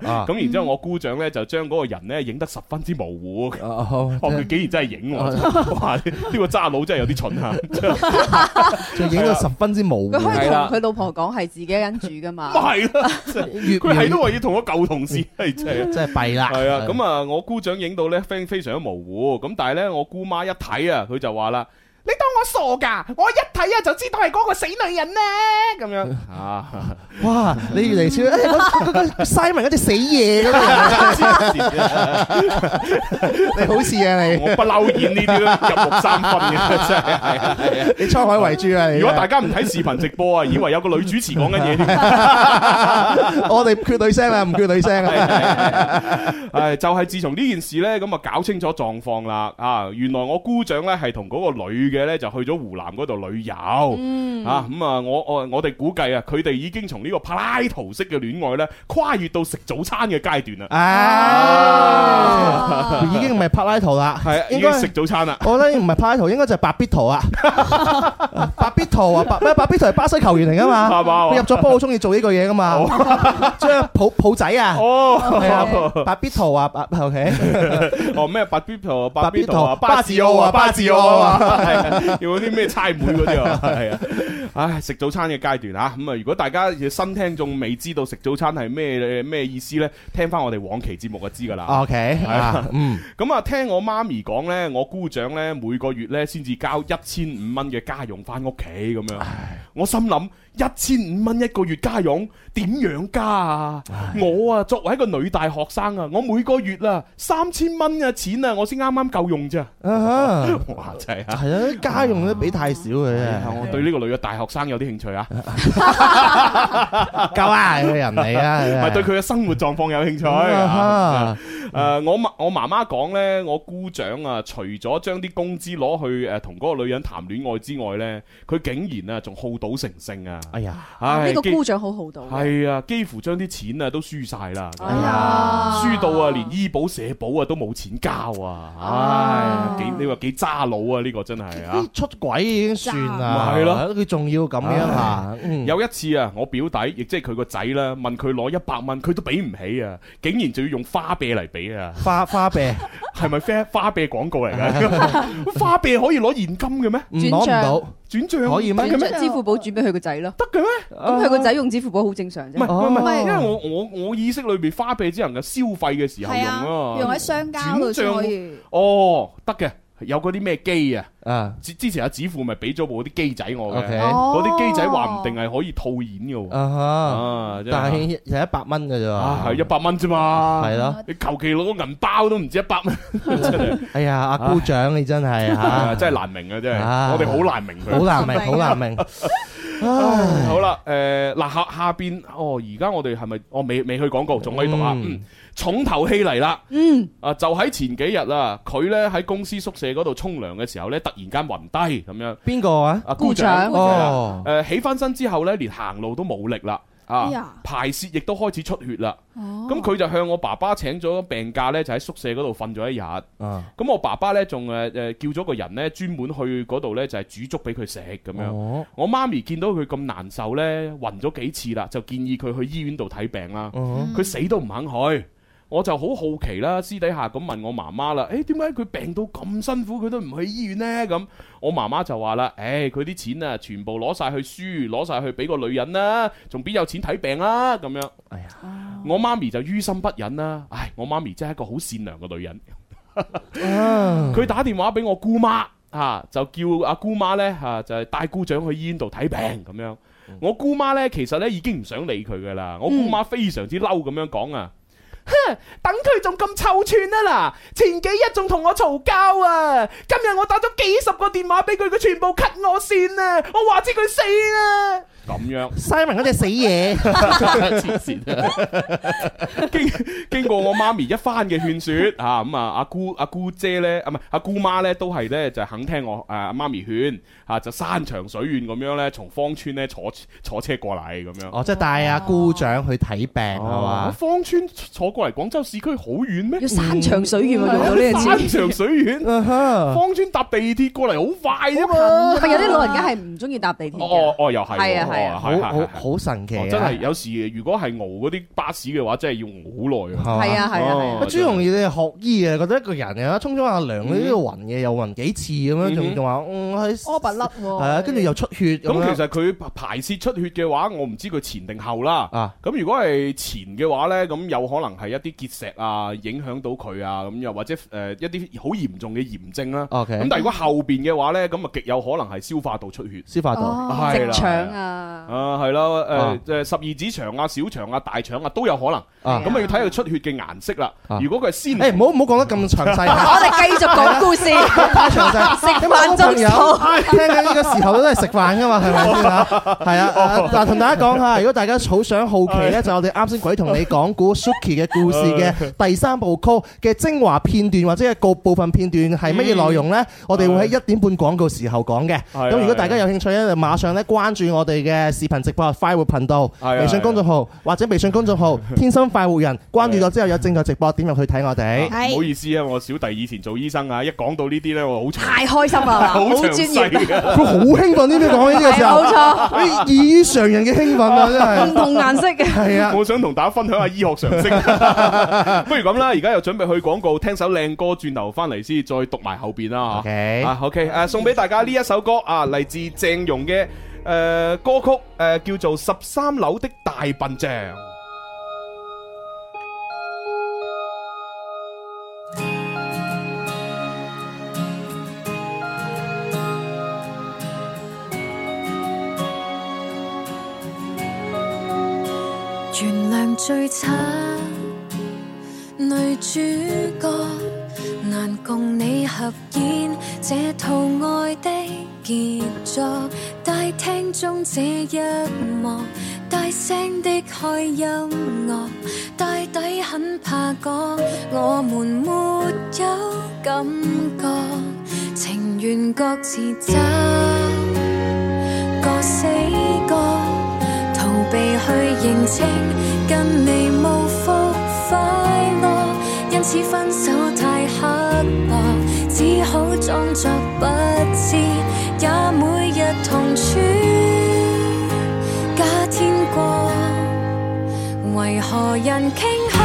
吓，咁然之後我姑丈咧，就將嗰個人咧影得十分之模糊。哦，佢竟然真係影我，哇！呢個渣佬真係有啲蠢啊！仲影得十分之模糊。佢可以同佢老婆講係自己一個人住噶嘛？咪係咯，佢係都話要同個舊同事，係真係真係弊啦。係啊，咁啊，我姑丈影到咧非非常模糊。咁但係咧，我姑媽一睇啊，佢就話啦。你當我傻㗎？我一睇啊，就知道係嗰個死女人咧，咁樣。啊！哇！你越嚟越似嗰個曬埋嗰隻死嘢咁、啊啊、你好事啊！你我不嬲演呢啲入木三分嘅真係。就是、你滄海為珠啊！啊你如果大家唔睇視頻直播啊，以為有個女主持講緊嘢。添！我哋唔缺女聲啊！唔缺女聲啊！係就係、是、自從呢件事咧，咁啊搞清楚狀況啦。啊，原來我姑丈咧係同嗰個女。嘅咧就去咗湖南嗰度旅遊，啊咁啊我我我哋估計啊，佢哋已經從呢個柏拉圖式嘅戀愛咧跨越到食早餐嘅階段啦，已經唔係柏拉圖啦，係已經食早餐啦。我覺得唔係柏拉圖，應該就係白必圖啊，白必圖啊，咩白必圖係巴西球員嚟噶嘛，佢入咗波好中意做呢個嘢噶嘛，即係抱抱仔啊，哦，白必圖啊，O K，哦咩白必圖、白必圖、巴治奧啊巴治奧啊。 <laughs> 有啲咩猜謎嗰啲啊，係啊，唉，食早餐嘅階段吓，咁啊，如果大家新聽眾未知道食早餐係咩咩意思呢？聽翻我哋往期節目就知噶啦。OK，係啊，嗯，咁啊，聽我媽咪講呢，我姑丈呢每個月呢先至交一千五蚊嘅家用翻屋企咁樣，我心諗。一千五蚊一個月家用，點樣加？啊？是的 我啊，作為一個女大學生啊，我每個月啊，三千蚊嘅錢啊，我先啱啱夠用啫。Uh huh. 哇，真係係啊，啲家用都俾太少佢、uh huh. 我對呢個女嘅大學生有啲興趣啊，夠、uh huh. <laughs> 啊，你人嚟啊，係對佢嘅生活狀況有興趣、啊。Uh huh. <laughs> 誒、呃、我媽我媽媽講咧，我姑丈啊，除咗將啲工資攞去誒同嗰個女人談戀愛之外咧，佢竟然啊仲好賭成性啊！哎呀，呢、哎、呀個姑丈好好賭嘅，係啊，幾乎將啲錢啊都輸晒啦，哎、呀輸到啊、哎、呀連醫保社保啊都冇錢交啊！唉、哎呀，幾你話幾渣佬啊？呢、呢個真係啊！出軌已經算、啊、啦，係咯，佢仲要咁樣啊、哎！有一次啊，嗯、我表弟亦即係佢個仔啦，問佢攞一百蚊，佢都俾唔起啊，竟然仲要用花唄嚟俾。花花唄係咪花花唄廣告嚟噶？花唄 <laughs> <laughs> 可以攞現金嘅咩？轉賬轉賬可以咪？咁、啊、用支付寶轉俾佢個仔咯？得嘅咩？咁佢個仔用支付寶好正常啫。唔係唔係，哦、因為我我我意識裏邊花唄只能夠消費嘅時候用啊，用喺商家度。轉賬帳哦，得嘅。有嗰啲咩機啊？啊，之前阿子富咪俾咗部嗰啲機仔我嘅，嗰啲機仔話唔定係可以套現嘅。啊，但係係一百蚊嘅啫，係一百蚊啫嘛，係咯，你求其攞個銀包都唔止一百蚊。哎呀，阿姑丈你真係吓，真係難明啊。真係，我哋好難明佢，好難明，好難明。好啦，誒，嗱下下邊，哦，而家我哋係咪？我未未去廣告，仲可以讀啊。重頭戲嚟啦，嗯，啊，就喺前幾日啦，佢呢喺公司宿舍嗰度沖涼嘅時候呢，突然間暈低咁樣。邊個啊？阿、啊、姑丈，誒、哦啊，起翻身之後呢，連行路都冇力啦，啊，哎、呀排泄亦都開始出血啦，哦，咁佢就向我爸爸請咗病假呢，就喺宿舍嗰度瞓咗一日，啊，咁我爸爸呢，仲誒誒叫咗個人呢，專門去嗰度呢，就係煮粥俾佢食咁樣，哦、我媽咪見到佢咁難受呢，暈咗幾次啦，就建議佢去醫院度睇病啦，佢、嗯嗯、死都唔肯去。我就好好奇啦，私底下咁問我媽媽啦，誒點解佢病到咁辛苦，佢都唔去醫院呢？咁我媽媽就話啦，誒佢啲錢啊，全部攞晒去輸，攞晒去俾個女人啦，仲邊有錢睇病啊？咁樣，我媽咪就於心不忍啦，唉，我媽咪真係一個好善良嘅女人。佢 <laughs> 打電話俾我姑媽啊，就叫阿姑媽呢，嚇、啊，就係帶姑丈去醫院度睇病咁樣。我姑媽呢，其實呢已經唔想理佢噶啦，我姑媽非常之嬲咁樣講啊。哼！ <laughs> 等佢仲咁臭串啊嗱！前幾日仲同我嘈交啊，今日我打咗幾十個電話俾佢，佢全部 cut 我線啊！我話知佢死啦！咁樣，嘥埋嗰隻死嘢，黐線！經經過我媽咪一番嘅勸說，吓咁啊，阿姑阿姑姐咧，啊唔係阿姑媽咧，都係咧就肯聽我誒媽咪勸，吓就山長水遠咁樣咧，從芳村咧坐坐車過嚟咁樣。哦，即係帶阿姑丈去睇病係嘛？芳、啊、吧村坐過嚟廣州市區好遠咩？要山長水遠啊！嗯、山長水遠，芳、uh huh、村搭地鐵過嚟好快啫嘛、啊。係、啊、有啲老人家係唔中意搭地鐵哦、啊、哦，又、哦、係。係啊。好好好神奇，真係有時，如果係熬嗰啲巴士嘅話，真係要熬好耐啊！係啊係啊！朱容易你學醫啊，覺得一個人啊，沖咗阿涼呢度暈嘅，又暈幾次咁樣，仲仲話嗯，屙八粒喎，係啊，跟住又出血咁。其實佢排泄出血嘅話，我唔知佢前定後啦。啊，咁如果係前嘅話咧，咁有可能係一啲結石啊，影響到佢啊，咁又或者誒一啲好嚴重嘅炎症啦。O K，咁但係如果後邊嘅話咧，咁啊極有可能係消化道出血。消化道係啦，腸啊。啊，係咯，誒，即係十二指腸啊、小腸啊、大腸啊都有可能，咁啊要睇佢出血嘅顏色啦。如果佢係鮮，誒，唔好唔好講得咁詳細，我哋繼續講故事。食飯中有，聽緊呢個時候都係食飯噶嘛，係咪先吓？係啊，嗱，同大家講下，如果大家好想好奇咧，就我哋啱先鬼同你講古 Suki 嘅故事嘅第三部曲嘅精華片段或者係各部分片段係乜嘢內容咧？我哋會喺一點半廣告時候講嘅。咁如果大家有興趣咧，就馬上咧關注我哋嘅。誒，視頻直播快活頻道，微信公衆號或者微信公衆號“天生快活人”，關注咗之後有正在直播，點入去睇我哋。唔、啊、好意思啊，我小弟以前做醫生啊，一講到呢啲呢，我好太開心啦，好專、啊、業佢好 <laughs> 興奮呢啲講呢個時候，冇錯， <laughs> 啲異常人嘅興奮啊，真係唔 <laughs> 同顏色嘅，係啊， <laughs> 我想同大家分享下醫學常識。 <laughs> <laughs> 不如咁啦，而家又準備去廣告，聽首靚歌，轉頭翻嚟先，再讀埋後邊啦。Okay. 啊，OK，誒、啊，送俾大家呢一首歌啊，嚟自鄭融嘅。呃、歌曲、呃、叫做《十三樓的大笨象》。原諒最慘女主角，難共你合演這套愛的。傑作大廳中這一幕，大聲的開音樂，大抵很怕講，我們沒有感覺，情願各自找個死角，逃避去認清，跟你無福快樂，因此分手太刻薄。只好裝作不知，也每日同穿假天光。為何人傾向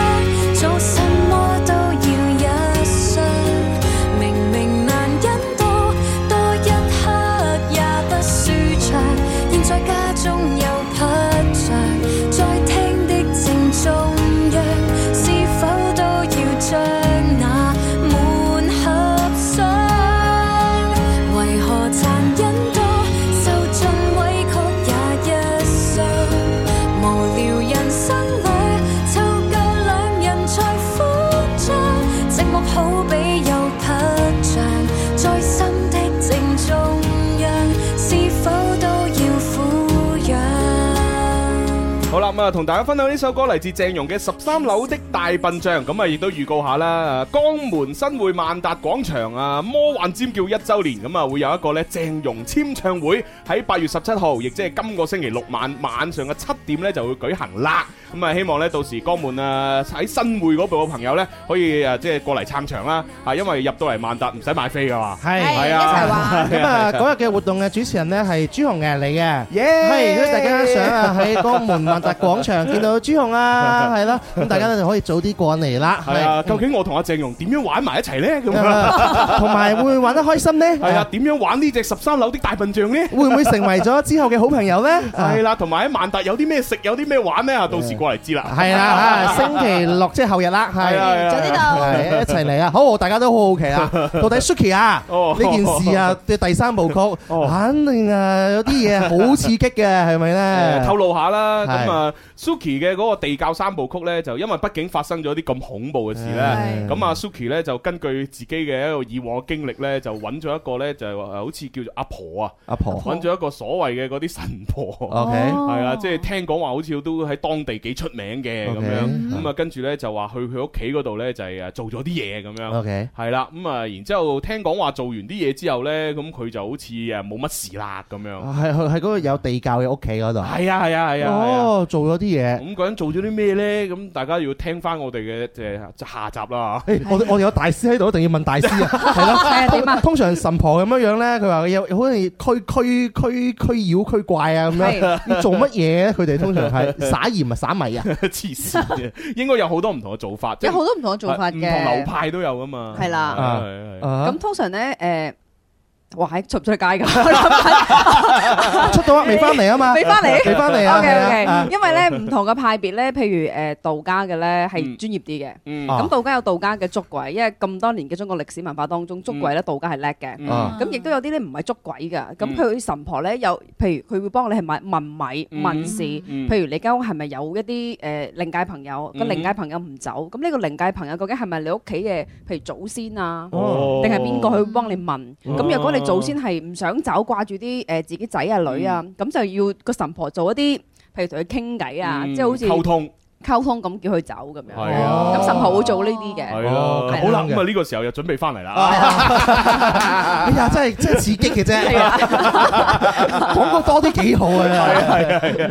早同大家分享呢首歌嚟自鄭融嘅《十三樓的大笨象》，咁啊亦都預告下啦。江門新會萬達廣場啊，魔幻尖叫一週年，咁啊會有一個咧鄭融簽唱會喺八月十七號，亦即係今個星期六晚晚上嘅七點咧就會舉行啦。咁啊希望咧到時江門啊喺新會嗰度嘅朋友咧可以誒即係過嚟撐場啦。啊，因為入到嚟萬達唔使買飛嘅話，係係啊。咁啊嗰日嘅活動嘅主持人咧係朱紅崖嚟嘅，係，如果大家想啊喺江門萬達廣場見到朱紅啊，係啦，咁大家就可以早啲過嚟啦。係啊，究竟我同阿鄭融點樣玩埋一齊咧？咁啊，同埋會唔會玩得開心咧？係啊，點樣玩呢隻十三樓啲大笨象咧？會唔會成為咗之後嘅好朋友咧？係啦，同埋喺萬達有啲咩食，有啲咩玩咧？啊，到時過嚟知啦。係啦，星期六即係後日啦。係，就呢度，係一齊嚟啊！好，大家都好好奇啊，到底 Suki 啊呢件事啊嘅第三部曲，肯定啊有啲嘢好刺激嘅，係咪咧？透露下啦，咁啊。Suki 嘅嗰個地窖三部曲咧，就因為畢竟發生咗啲咁恐怖嘅事咧，咁啊 Suki 咧就根據自己嘅一個以往嘅經歷咧，就揾咗一個咧就係話好似叫做阿婆啊，阿婆揾咗一個所謂嘅嗰啲神婆，係啊，即係聽講話好似都喺當地幾出名嘅咁樣。咁啊跟住咧就話去佢屋企嗰度咧就係啊做咗啲嘢咁樣，係啦。咁啊然之後聽講話做完啲嘢之後咧，咁佢就好似啊冇乜事啦咁樣。係喺嗰個有地窖嘅屋企度。係啊係啊係啊。哦做嗰啲嘢，咁嗰人做咗啲咩咧？咁大家要聽翻我哋嘅，即係下集啦，欸。我哋我哋有大師喺度，一定要問大師啊。係咯， <laughs> 啊，通常神婆咁樣樣咧，佢話有，好似驅驅驅驅妖驅怪啊咁樣，做乜嘢咧？佢哋通常係撒鹽啊，撒米啊，黐綫嘅。應該有好多唔同嘅做法，有好多唔同嘅做法嘅，同流派都有噶嘛。係啦，咁通常咧，誒、呃。哇！喺出唔出界噶？出到啊，未翻嚟啊嘛，未翻嚟，未翻嚟啊！OK OK，因為咧唔同嘅派別咧，譬如誒道家嘅咧係專業啲嘅。嗯。咁道家有道家嘅捉鬼，因為咁多年嘅中國歷史文化當中，捉鬼咧道家係叻嘅。嗯。咁亦都有啲咧唔係捉鬼㗎，咁佢神婆咧有，譬如佢會幫你係問問米問事，譬如你間屋係咪有一啲誒靈界朋友？咁靈界朋友唔走，咁呢個靈界朋友究竟係咪你屋企嘅？譬如祖先啊，定係邊個去幫你問？咁若果你祖先係唔想走，掛住啲誒自己仔啊女啊，咁、嗯、就要個神婆做一啲，譬如同佢傾偈啊，即係好似溝通溝通咁叫佢走咁樣。係啊，咁神婆會做呢啲嘅。係啊，好啦、啊，咁啊呢個時候又準備翻嚟啦。哎呀，真係真係刺激嘅啫！講得 <laughs> 對多啲幾好啊！係啊係啊！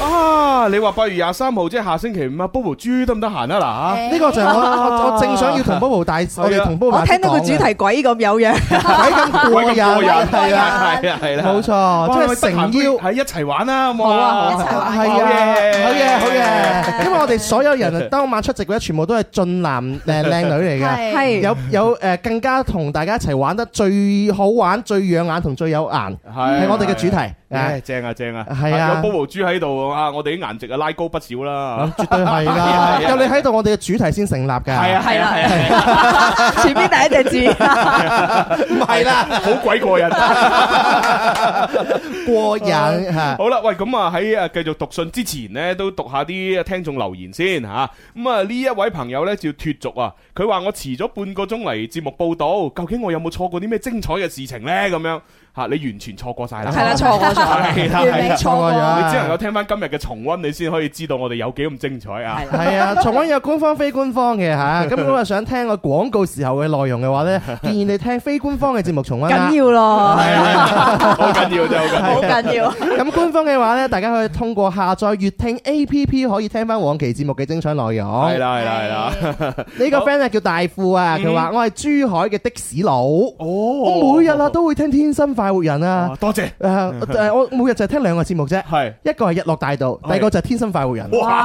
啊！你話八月廿三號即係下星期五啊，BoBo 豬得唔得閒啊？嗱，呢個就係我我正想要同 BoBo 大，我哋同 BoBo 大。我聽到個主題鬼咁有嘢，鬼咁過癮，係啊，係啊，係啦，冇錯，即係誠邀，喺一齊玩啦，好啊，係啊，好嘢，好嘢。因為我哋所有人當晚出席嘅全部都係俊男靚靚女嚟嘅，係有有誒更加同大家一齊玩得最好玩、最養眼同最有顏，係我哋嘅主題。誒，yeah, 正啊，正啊，係啊，有 bobo 豬喺度啊，我哋啲顏值啊拉高不少啦，絕對係啦， <laughs> 有你喺度，我哋嘅主題先成立嘅，係 <laughs> 啊，係啦，係啊，前面第一隻字唔係啦，好 <laughs> 鬼過癮，過癮吓，好啦，喂，咁啊喺啊繼續讀信之前呢，都讀下啲聽眾留言先吓，咁啊呢一位朋友咧叫脫俗啊，佢話我遲咗半個鐘嚟，節目報道，究竟我有冇錯過啲咩精彩嘅事情咧？咁樣。嚇你完全錯過晒啦！係啦，錯過咗，係啦，錯過咗。你只能夠聽翻今日嘅重溫，你先可以知道我哋有幾咁精彩啊！係啊，重溫有官方、非官方嘅嚇。咁如果話想聽個廣告時候嘅內容嘅話呢，建議你聽非官方嘅節目重溫啦。緊要咯，好緊要就係好緊要。咁官方嘅話呢，大家可以通過下載粵聽 A P P 可以聽翻往期節目嘅精彩內容。係啦，係啦，係啦。呢個 friend 係叫大富啊，佢話我係珠海嘅的士佬。哦，我每日啊都會聽《天生快活人啊！多謝誒誒，我每日就聽兩個節目啫，係一個係日落大道，第二個就係天生快活人。哇！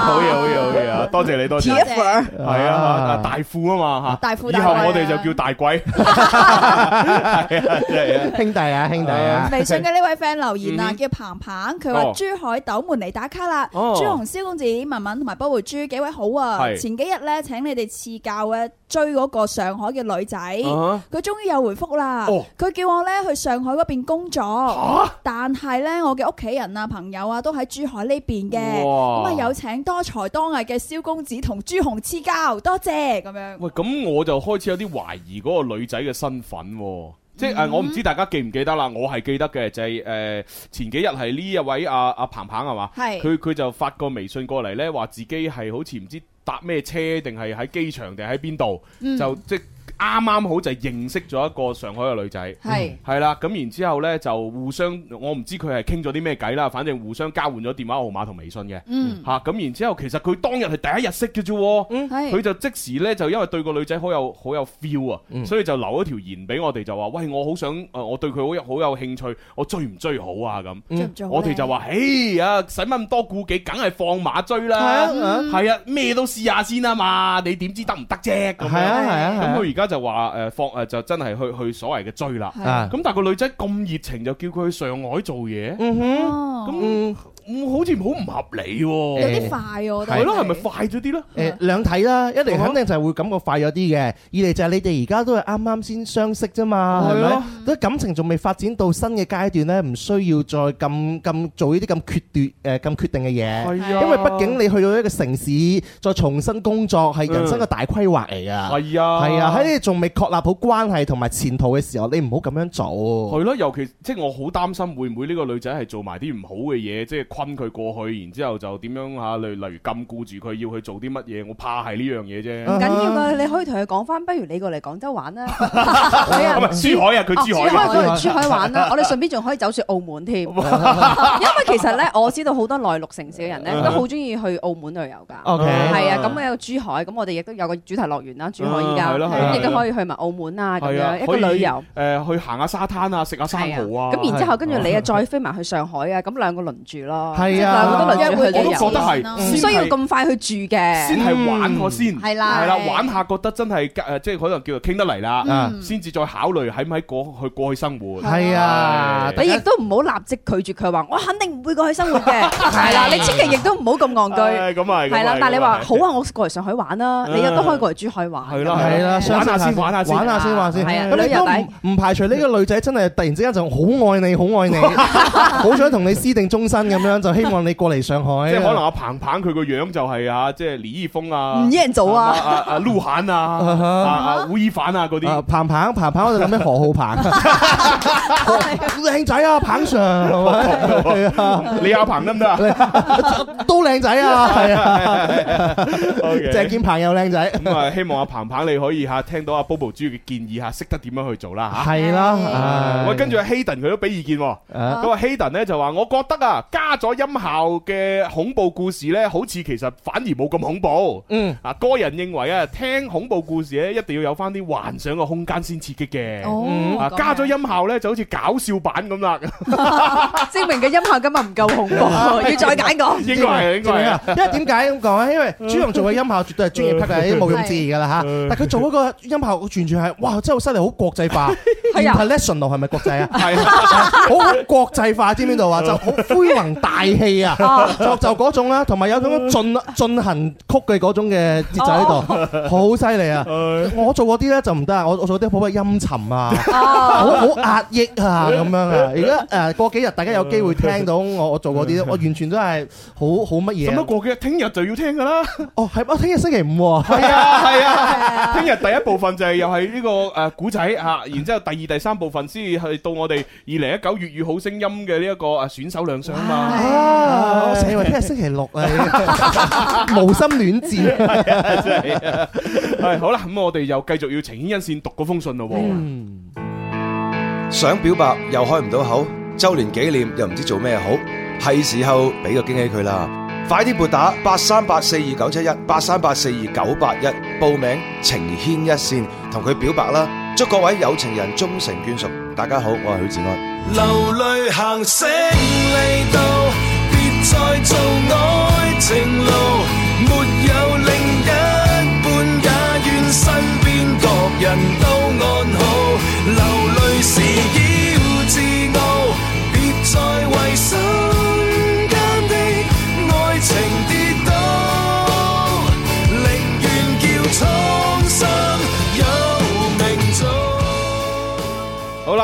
好嘢好嘢好嘢！多謝你多謝，係啊大富啊嘛吓，大富以後我哋就叫大鬼。係啊，兄弟啊，兄弟啊！微信嘅呢位 friend 留言啊，叫鵬鵬，佢話珠海斗門嚟打卡啦。朱紅、蕭公子、文文同埋波波豬幾位好啊？前幾日咧，請你哋賜教嘅追嗰個上海嘅女仔，佢終於有回覆啦。佢叫我呢去上海嗰邊工作，蛤但係呢我嘅屋企人啊、朋友啊都喺珠海呢邊嘅，咁啊哇有請多才多藝嘅蕭公子同朱紅賜教，多謝咁樣。喂，咁我就開始有啲懷疑嗰個女仔嘅身份、啊，即係、啊、我唔知大家記唔記得啦，我係記得嘅，就係、是、誒、呃、前幾日係呢一位阿阿鵬鵬係嘛，佢、啊、佢、啊、是就發個微信過嚟呢話自己係好似唔知搭咩車定係喺機場定喺邊度，嗯、就即。啱啱好就係認識咗一個上海嘅女仔，係係啦，咁然之後呢，就互相，我唔知佢係傾咗啲咩偈啦，反正互相交換咗電話號碼同微信嘅，嚇咁然之後，其實佢當日係第一日識嘅啫，佢就即時呢，就因為對個女仔好有好有 feel 啊，所以就留一條言俾我哋就話，喂，我好想，我對佢好有好有興趣，我追唔追好啊？咁我哋就話，嘿呀，使乜咁多顧忌？梗係放馬追啦，係啊，咩都試下先啊嘛，你點知得唔得啫？係啊係啊，咁佢而家。就話誒、呃、放誒、呃、就真係去去所謂嘅追啦，咁的但係個女仔咁熱情，就叫佢去上海做嘢，嗯哼、咁。唔好似好唔合理喎，有啲快，我覺得係咯。係咪快咗啲咧？誒兩睇啦，一嚟肯定就係會感覺快咗啲嘅；二嚟就係你哋而家都係啱啱先相識啫嘛，係咪？啲感情仲未發展到新嘅階段咧，唔需要再咁咁做呢啲咁決斷誒咁決定嘅嘢。係啊，因為畢竟你去到一個城市再重新工作係人生嘅大規劃嚟㗎。係啊，係啊，喺你仲未確立好關係同埋前途嘅時候，你唔好咁樣做。係咯，尤其即係我好擔心會唔會呢個女仔係做埋啲唔好嘅嘢，即係。困佢過去，然之後就點樣嚇？例例如禁固住佢要去做啲乜嘢？我怕係呢樣嘢啫。唔緊要啊，你可以同佢講翻，不如你過嚟廣州玩啦。珠海啊，佢珠海。珠海過嚟珠海玩啦，我哋順便仲可以走住澳門添。因為其實咧，我知道好多內陸城市嘅人咧，都好中意去澳門旅遊㗎。OK，係啊，咁啊有個珠海，咁我哋亦都有個主題樂園啦。珠海依家亦都可以去埋澳門啊，咁樣一個旅遊。誒，去行下沙灘啊，食下生蠔啊。咁然之後，跟住你啊，再飛埋去上海啊，咁兩個輪住咯。係啊，我都覺得係，唔需要咁快去住嘅，先係玩我先，係啦，係啦，玩下覺得真係即係可能叫做傾得嚟啦，先至再考慮喺唔喺過去過去生活。係啊，你亦都唔好立即拒絕佢話，我肯定唔會過去生活嘅。係啦，你千祈亦都唔好咁抗拒戇居。係啦，但係你話好啊，我過嚟上海玩啦，你亦都可以過嚟珠海玩。係啦，係啦，玩下先，玩下先，玩下先玩先。係啊，你唔排除呢個女仔真係突然之間就好愛你，好愛你，好想同你私定終身咁樣。就希望你過嚟上海，即係可能阿彭彭佢個樣就係啊，即係李易峰啊，吳彥祖啊，阿阿鹿晗啊，阿阿吳亦凡啊嗰啲。彭彭彭彭，我就諗起何浩鵬，靚仔啊，彭 Sir 係嘛？係啊，李亞鵬得唔得啊？都靚仔啊，係啊。係係鄭建鵬又靚仔。咁啊，希望阿彭彭你可以吓聽到阿 Bobo 豬嘅建議吓，識得點樣去做啦，係啦，我跟住阿 Haden 佢都俾意見，咁啊 Haden 咧就話，我覺得啊家。咗音效嘅恐怖故事咧，好似其實反而冇咁恐怖。嗯啊，個人認為啊，聽恐怖故事咧，一定要有翻啲幻想嘅空間先刺激嘅。哦，加咗音效咧，就好似搞笑版咁啦。證明嘅音效今日唔夠恐怖，要再揀個。應該係應該啊，因為點解咁講咧？因為朱紅做嘅音效絕對係專業級嘅，毋庸置疑㗎啦嚇。但佢做嗰個音效，完全係哇，真係好犀利，好國際化。係啊 p l 係咪國際啊？係啊，好好國際化，知唔知道啊？就好灰熊大氣啊，就就嗰種啦，同埋有種進進行曲嘅嗰種嘅節奏喺度，好犀利啊！我做嗰啲咧就唔得啦，我我做啲好鬼陰沉啊，好好壓抑啊咁樣啊！而家誒過幾日大家有機會聽到我我做嗰啲，我完全都係好好乜嘢。咁啊過幾日，聽日就要聽噶啦。哦，係啊，聽日星期五喎。係啊，係啊，聽日第一部分就係又係呢個誒古仔嚇，然之後第二第三部分先至係到我哋二零一九粵語好聲音嘅呢一個誒選手亮相啊嘛。啊！死！聽日星期六啊，無心戀戰，係啊，真係係好啦。咁我哋又繼續要情牽一線讀嗰封信咯，想表白又開唔到口，周年紀念又唔知做咩好，係時候俾個驚喜佢啦！快啲撥打八三八四二九七一八三八四二九八一報名情牽一線同佢表白啦！祝各位有情人終成眷屬！大家好，我係許志安。流淚行勝利道，別再做愛情路，沒有。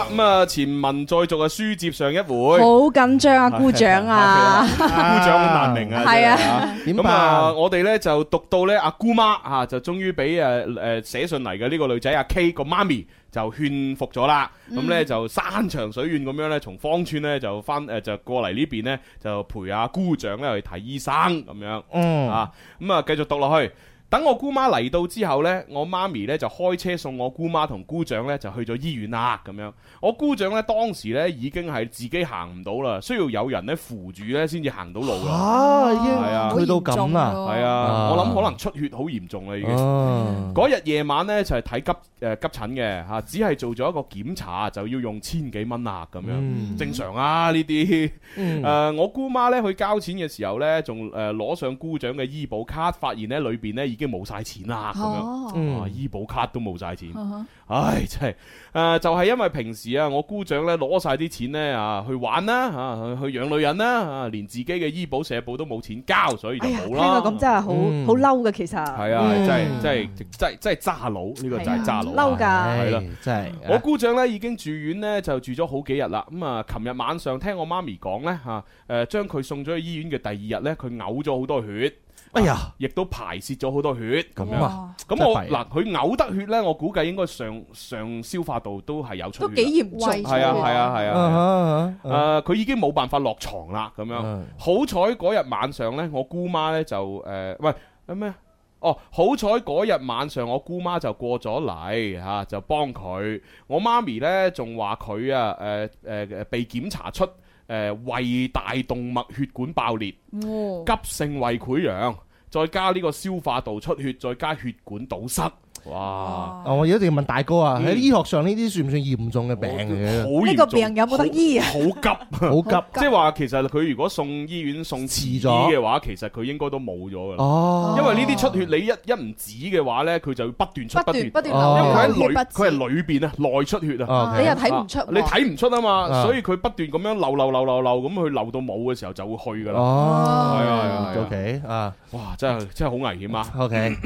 咁啊、嗯，前文再續啊，書接上一回，好緊張啊，姑丈啊， <laughs> 啊，姑丈好難明啊，係 <laughs> 啊。咁啊、 <laughs> 嗯，我哋咧就讀到咧阿姑媽啊，就終於俾誒誒寫信嚟嘅呢個女仔阿 K 個媽咪就勸服咗啦。咁咧就山長水遠咁樣咧，從芳村咧就翻誒就過嚟呢邊咧就陪阿姑丈咧去睇醫生咁樣，啊，咁啊繼續讀落去。等我姑媽嚟到之後呢，我媽咪呢就開車送我姑媽同姑丈呢就去咗醫院啦咁樣。我姑丈呢當時呢已經係自己行唔到啦，需要有人呢扶住呢先至行到路。哇啊，已經好嚴重喎！係啊，啊我諗可能出血好嚴重啦，已經、uh。嗰日夜晚呢就係睇急誒急診嘅嚇，只係做咗一個檢查就要用千幾蚊啊咁樣，嗯、正常啊呢啲。誒、嗯呃，我姑媽呢去交錢嘅時候呢，仲誒攞上姑丈嘅醫保卡，發現呢裏邊呢。已經冇晒錢啦，咁、哦、樣、嗯啊，醫保卡都冇晒錢，嗯、唉，真係，誒、呃，就係、是、因為平時啊，我姑丈咧攞晒啲錢咧啊，去玩啦，吓、啊，去養女人啦、啊啊，連自己嘅醫保社保都冇錢交，所以就冇啦。呢個咁真係好好嬲嘅，其實係啊，真係真係真真係渣佬，呢、啊、個就係渣佬、啊。嬲噶，係咯，真係、啊嗯。我姑丈咧已經住院咧，就住咗好幾日啦。咁、嗯嗯、啊，琴日晚上聽我媽咪講咧，吓，誒，將佢送咗去醫院嘅第二日咧，佢嘔咗好多血。哎呀，亦都排泄咗好多血咁啊！咁哇我嗱，佢嘔得血呢，我估計應該上上消化道都係有出血，都幾嚴重。係啊，係啊，係啊。誒、啊，佢、啊啊、已經冇辦法落床啦。咁樣好彩嗰日晚上呢，我姑媽呢就誒，喂咩？哦，好彩嗰日晚上我姑媽就、呃哦、就過咗嚟吓，就幫佢。我媽咪呢仲話佢啊，誒、呃、誒、呃呃呃，被檢查出。胃、呃、大動脈血管爆裂，哦、急性胃潰瘍，再加呢個消化道出血，再加血管堵塞。哇！我一定要問大哥啊，喺醫學上呢啲算唔算嚴重嘅病？呢個病有冇得醫啊？好急，好急！即係話其實佢如果送醫院送遲咗嘅話，其實佢應該都冇咗噶啦。哦，因為呢啲出血你一一唔止嘅話咧，佢就會不斷出，不斷，不斷流。因為喺裏，佢係裏邊啊，內出血啊，你又睇唔出。你睇唔出啊嘛，所以佢不斷咁樣流流流流流咁佢流到冇嘅時候就會去噶啦。哦，係啊，係啊。O K 啊，哇，真係真係好危險啊。O K。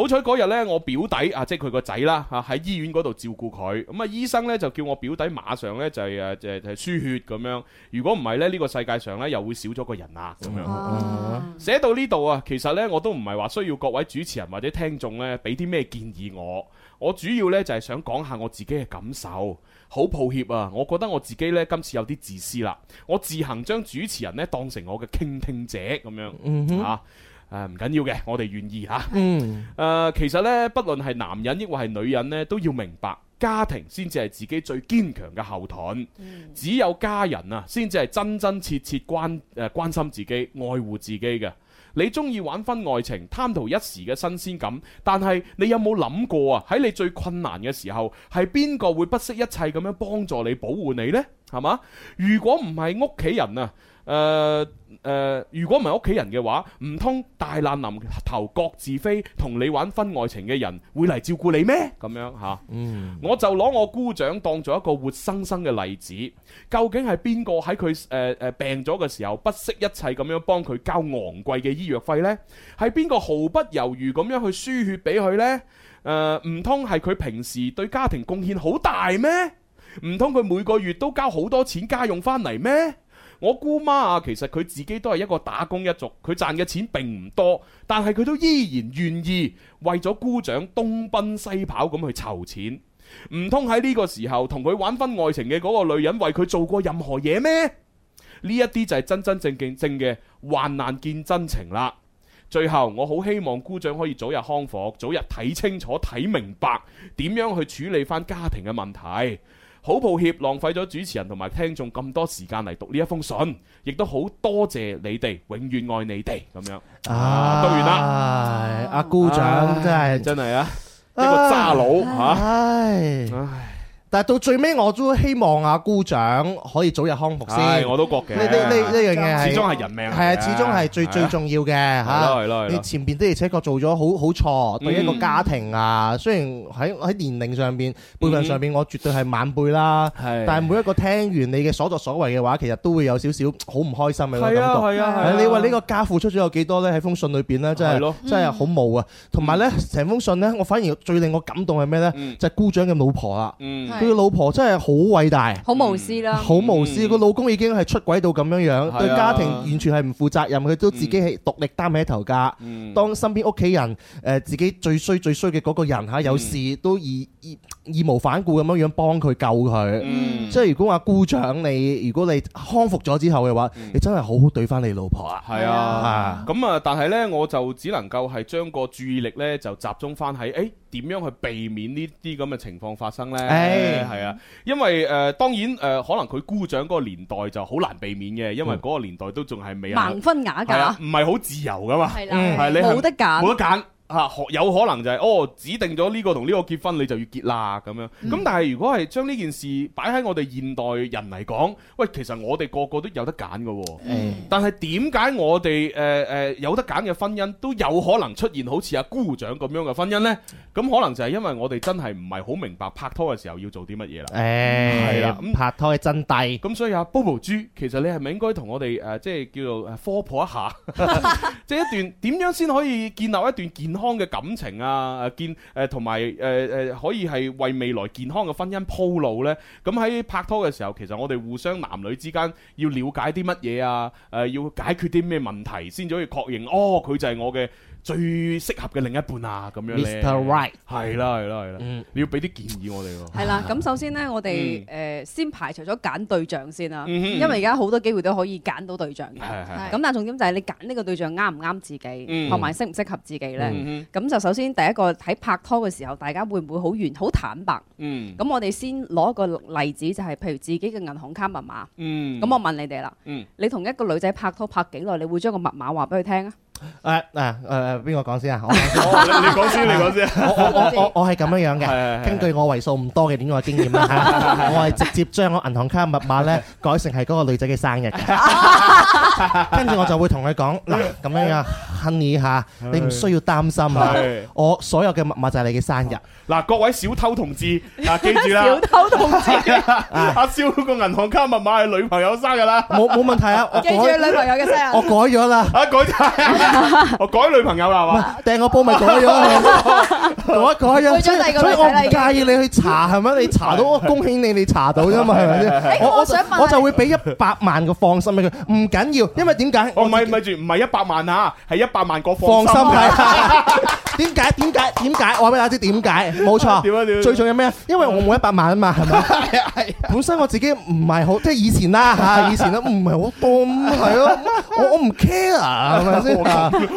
好彩嗰日呢，我表弟啊，即係佢個仔啦，啊喺醫院嗰度照顧佢。咁、嗯、啊，醫生呢，就叫我表弟馬上呢，就係誒誒輸血咁樣。如果唔係呢，呢、這個世界上呢，又會少咗個人啊咁樣。寫、啊、到呢度啊，其實呢，我都唔係話需要各位主持人或者聽眾呢俾啲咩建議我。我主要呢，就係、是、想講下我自己嘅感受。好抱歉啊，我覺得我自己呢，今次有啲自私啦。我自行將主持人呢，當成我嘅傾聽者咁樣。嗯，嗯誒，唔緊要嘅，我哋願意吓。誒、嗯啊，其實咧，不論係男人抑或係女人咧，都要明白家庭先至係自己最堅強嘅後盾。嗯、只有家人啊，先至係真真切切關誒、呃、關心自己、愛護自己嘅。你中意玩婚外情、貪圖一時嘅新鮮感，但係你有冇諗過啊？喺你最困難嘅時候，係邊個會不惜一切咁樣幫助你、保護你呢？係嘛？如果唔係屋企人啊？誒誒、呃呃，如果唔係屋企人嘅話，唔通大難臨頭各自飛，同你玩婚外情嘅人會嚟照顧你咩？咁樣吓，啊嗯、我就攞我姑丈當作一個活生生嘅例子。究竟係邊個喺佢誒誒病咗嘅時候不惜一切咁樣幫佢交昂貴嘅醫藥費呢？係邊個毫不猶豫咁樣去輸血俾佢呢？誒、呃，唔通係佢平時對家庭貢獻好大咩？唔通佢每個月都交好多錢家用翻嚟咩？我姑媽啊，其實佢自己都係一個打工一族，佢賺嘅錢並唔多，但係佢都依然願意為咗姑丈東奔西跑咁去籌錢。唔通喺呢個時候同佢玩婚外情嘅嗰個女人為佢做過任何嘢咩？呢一啲就係真真正正正嘅患難見真情啦。最後我好希望姑丈可以早日康復，早日睇清楚睇明白點樣去處理翻家庭嘅問題。好抱歉，浪費咗主持人同埋聽眾咁多時間嚟讀呢一封信，亦都好多謝你哋，永遠愛你哋咁樣。啊，對唔得，阿姑丈真係真係啊，呢個渣佬嚇。但係到最尾，我都希望阿姑丈可以早日康復先。我都覺嘅。呢呢呢樣嘢始終係人命。係啊，始終係最最重要嘅吓。你前邊的而且確做咗好好錯，對一個家庭啊，雖然喺喺年齡上邊、輩份上邊，我絕對係晚輩啦。但係每一個聽完你嘅所作所為嘅話，其實都會有少少好唔開心嘅感覺。你話呢個家付出咗有幾多呢？喺封信裏邊咧，真係真係好冇啊！同埋呢，成封信呢，我反而最令我感動係咩呢？就係姑丈嘅老婆啦。佢嘅老婆真係好偉大，好無私啦，好無私。個老公已經係出軌到咁樣樣，對家庭完全係唔負責任，佢都自己係獨力擔起頭家。當身邊屋企人，誒自己最衰最衰嘅嗰個人嚇，有事都義義義無反顧咁樣樣幫佢救佢。即係如果話姑丈你，如果你康復咗之後嘅話，你真係好好對翻你老婆啊。係啊，咁啊，但係呢，我就只能夠係將個注意力呢就集中翻喺誒。點樣去避免呢啲咁嘅情況發生呢？係、哎、啊，因為誒、呃、當然誒、呃，可能佢姑丈嗰個年代就好難避免嘅，因為嗰個年代都仲係未盲婚啞嫁，唔係好自由噶嘛，係啦的，你冇、啊、得揀，冇得揀。嚇，學、啊、有可能就係、是、哦，指定咗呢個同呢個結婚，你就要結啦咁樣。咁、嗯、但係如果係將呢件事擺喺我哋現代人嚟講，喂，其實我哋個個都有得揀嘅、哦。嗯、但係點解我哋誒誒有得揀嘅婚姻都有可能出現好似阿姑丈咁樣嘅婚姻呢？咁可能就係因為我哋真係唔係好明白拍拖嘅時候要做啲乜嘢啦。誒、欸，係啦，嗯、拍拖係真諦。咁所以阿 BoBo 豬，其實你係咪應該同我哋誒，即、呃、係、呃、叫做科普一下，即 <laughs> 係一段點樣先可以建立一段健？ <laughs> 健康嘅感情啊，見誒，同埋誒誒，可以係為未來健康嘅婚姻鋪路咧。咁喺拍拖嘅時候，其實我哋互相男女之間要了解啲乜嘢啊？誒、呃，要解決啲咩問題先至可以確認？哦，佢就係我嘅，最適合嘅另一半啊，咁樣咧，Mr Right，係啦，係啦，係啦，你要俾啲建議我哋喎。係啦，咁首先呢，我哋誒先排除咗揀對象先啦，因為而家好多機會都可以揀到對象嘅。係咁，但重點就係你揀呢個對象啱唔啱自己，同埋適唔適合自己呢。咁就首先第一個喺拍拖嘅時候，大家會唔會好圓好坦白？嗯。咁我哋先攞一個例子，就係譬如自己嘅銀行卡密碼。嗯。咁我問你哋啦。你同一個女仔拍拖拍幾耐，你會將個密碼話俾佢聽啊？誒誒誒，邊個講先啊？我講先、哦、你講先，你講先。啊、我我我我係咁樣樣嘅，根據我為數唔多嘅戀愛經驗啊，我係直接將我銀行卡密碼咧改成係嗰個女仔嘅生日，跟住我就會同佢講嗱，咁、啊、樣樣。Honey 吓你唔需要擔心啊！我所有嘅密碼就係你嘅生日。嗱，各位小偷同志，嗱記住啦！小偷同志阿少個銀行卡密碼係女朋友生日啦，冇冇問題啊？我記住女朋友嘅生日，我改咗啦，啊改我改女朋友啦嘛，掟個波咪改咗，改一改咗！所以我唔介意你去查係咪？你查到，恭喜你，你查到啫嘛，係咪，我我想我就會俾一百萬個放心俾佢，唔緊要，因為點解？我唔係唔係住唔係一百萬啊，係一百萬個放心，點解？點解？點解？我俾大家知點解？冇錯，最重要咩？因為我冇一百萬啊嘛，係咪？係本身我自己唔係好，即係以前啦吓，以前啦唔係好多，係咯，我我唔 care 係咪先？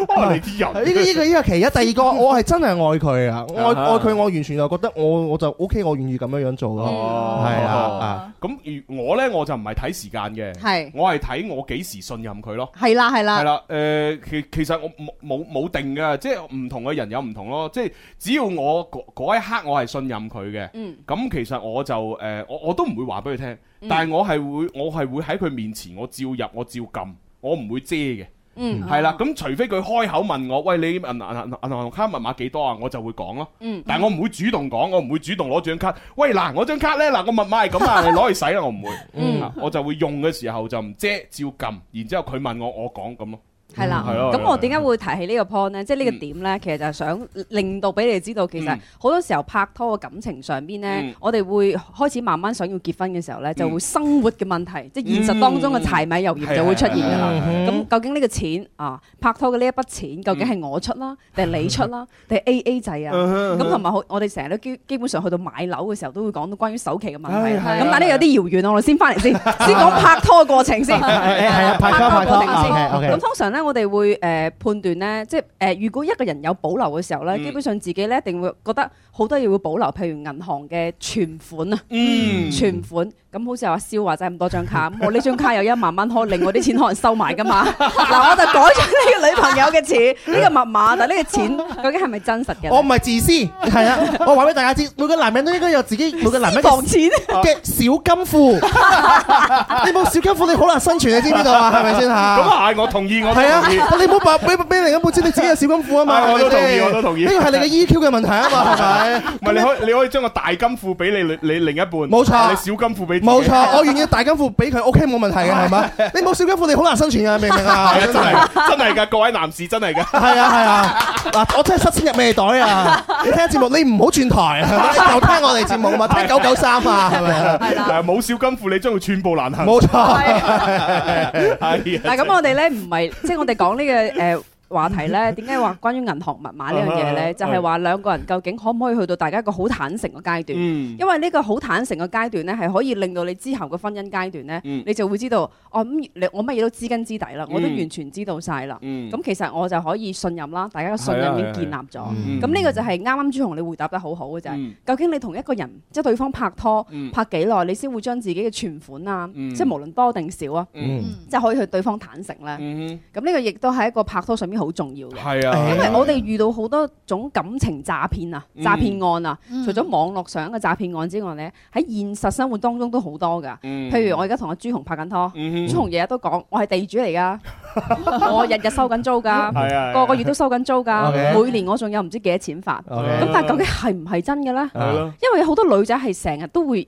我你啲人，呢個呢個呢個其一，第二個我係真係愛佢啊，愛愛佢，我完全就覺得我我就 OK，我願意咁樣樣做咯，係啊啊！咁我咧我就唔係睇時間嘅，係我係睇我幾時信任佢咯，係啦係啦係啦，誒，其其實。我冇冇定嘅，即係唔同嘅人有唔同咯。即係只要我嗰一刻我係信任佢嘅，咁、嗯、其實我就誒、呃，我我都唔會話俾佢聽，嗯、但係我係會我係會喺佢面前我照入我照撳，我唔會遮嘅，係啦、嗯。咁、嗯、除非佢開口問我，喂，你銀銀銀行卡密碼幾多啊？我就會講咯。但係我唔會主動講，我唔會主動攞住張卡。喂，嗱，我張卡咧，嗱，我密碼係咁啊，你攞去使啦，我唔會。我就會用嘅時候就唔遮照撳，然之後佢問我，我講咁咯。係啦，咁我點解會提起呢個 point 呢？即係呢個點呢，其實就係想令到俾你哋知道，其實好多時候拍拖嘅感情上邊呢，我哋會開始慢慢想要結婚嘅時候呢，就會生活嘅問題，即係現實當中嘅柴米油鹽就會出現㗎啦。咁究竟呢個錢啊，拍拖嘅呢一筆錢，究竟係我出啦，定係你出啦，定係 A A 制啊？咁同埋我哋成日都基基本上去到買樓嘅時候，都會講到關於首期嘅問題。咁但係呢有啲遙遠，我哋先翻嚟先，先講拍拖嘅過程先。拍拖拍拖啊，咁通常呢。我哋會判斷，即係如果一個人有保留嘅時候，嗯、基本上自己一定會覺得好多嘢會保留，譬如銀行嘅存款、存款。嗯，存款咁好似阿肖話齋咁多張卡，我呢張卡有一萬蚊可領，我啲錢可能收埋噶嘛？嗱，我就改咗呢個女朋友嘅錢，呢個密碼，但係呢個錢究竟係咪真實嘅？我唔係自私，係啊，我話俾大家知，每個男人都應該有自己每個男人嘅小金庫。你冇小金庫，你好難生存，你知唔知道啊？係咪先吓？咁係，我同意，我同意。你冇辦，俾俾另一半先，你自己有小金庫啊嘛。我都同意，我都同意。呢個係你嘅 EQ 嘅問題啊嘛，係咪？唔係，你可以你可以將個大金庫俾你你另一半，冇錯，你小金庫俾。冇錯，我願意大金庫俾佢，OK 冇問題嘅，係咪？你冇小金庫，你好難生存嘅，明唔明啊？真係真係㗎，各位男士真係㗎。係啊係啊，嗱我真係塞錢入咩袋啊？你聽節目，你唔好轉台，你就聽我哋節目啊嘛，聽九九三啊，係咪？係啦，冇小金庫，你將會寸步難行。冇錯。係。嗱咁我哋咧唔係，即係我哋講呢個誒，話題咧，點解話關於銀行密碼呢樣嘢咧？就係話兩個人究竟可唔可以去到大家一個好坦誠嘅階段？因為呢個好坦誠嘅階段咧，係可以令到你之後嘅婚姻階段咧，你就會知道哦我乜嘢都知根知底啦，我都完全知道晒啦。咁其實我就可以信任啦，大家嘅信任已經建立咗。咁呢個就係啱啱朱紅你回答得好好嘅就係，究竟你同一個人即係對方拍拖拍幾耐，你先會將自己嘅存款啊，即係無論多定少啊，即係可以去對方坦誠咧？咁呢個亦都係一個拍拖上面。好重要嘅，因為我哋遇到好多種感情詐騙啊、嗯、詐騙案啊，嗯、除咗網絡上嘅詐騙案之外呢，喺現實生活當中都好多噶。嗯、譬如我而家同阿朱紅拍緊拖，嗯、哼朱紅日日都講我係地主嚟噶， <laughs> 我日日收緊租噶，個個月都收緊租噶，嗯嗯、每年我仲有唔知幾多錢發。咁、嗯嗯、但係究竟係唔係真嘅呢？嗯、因為有好多女仔係成日都會。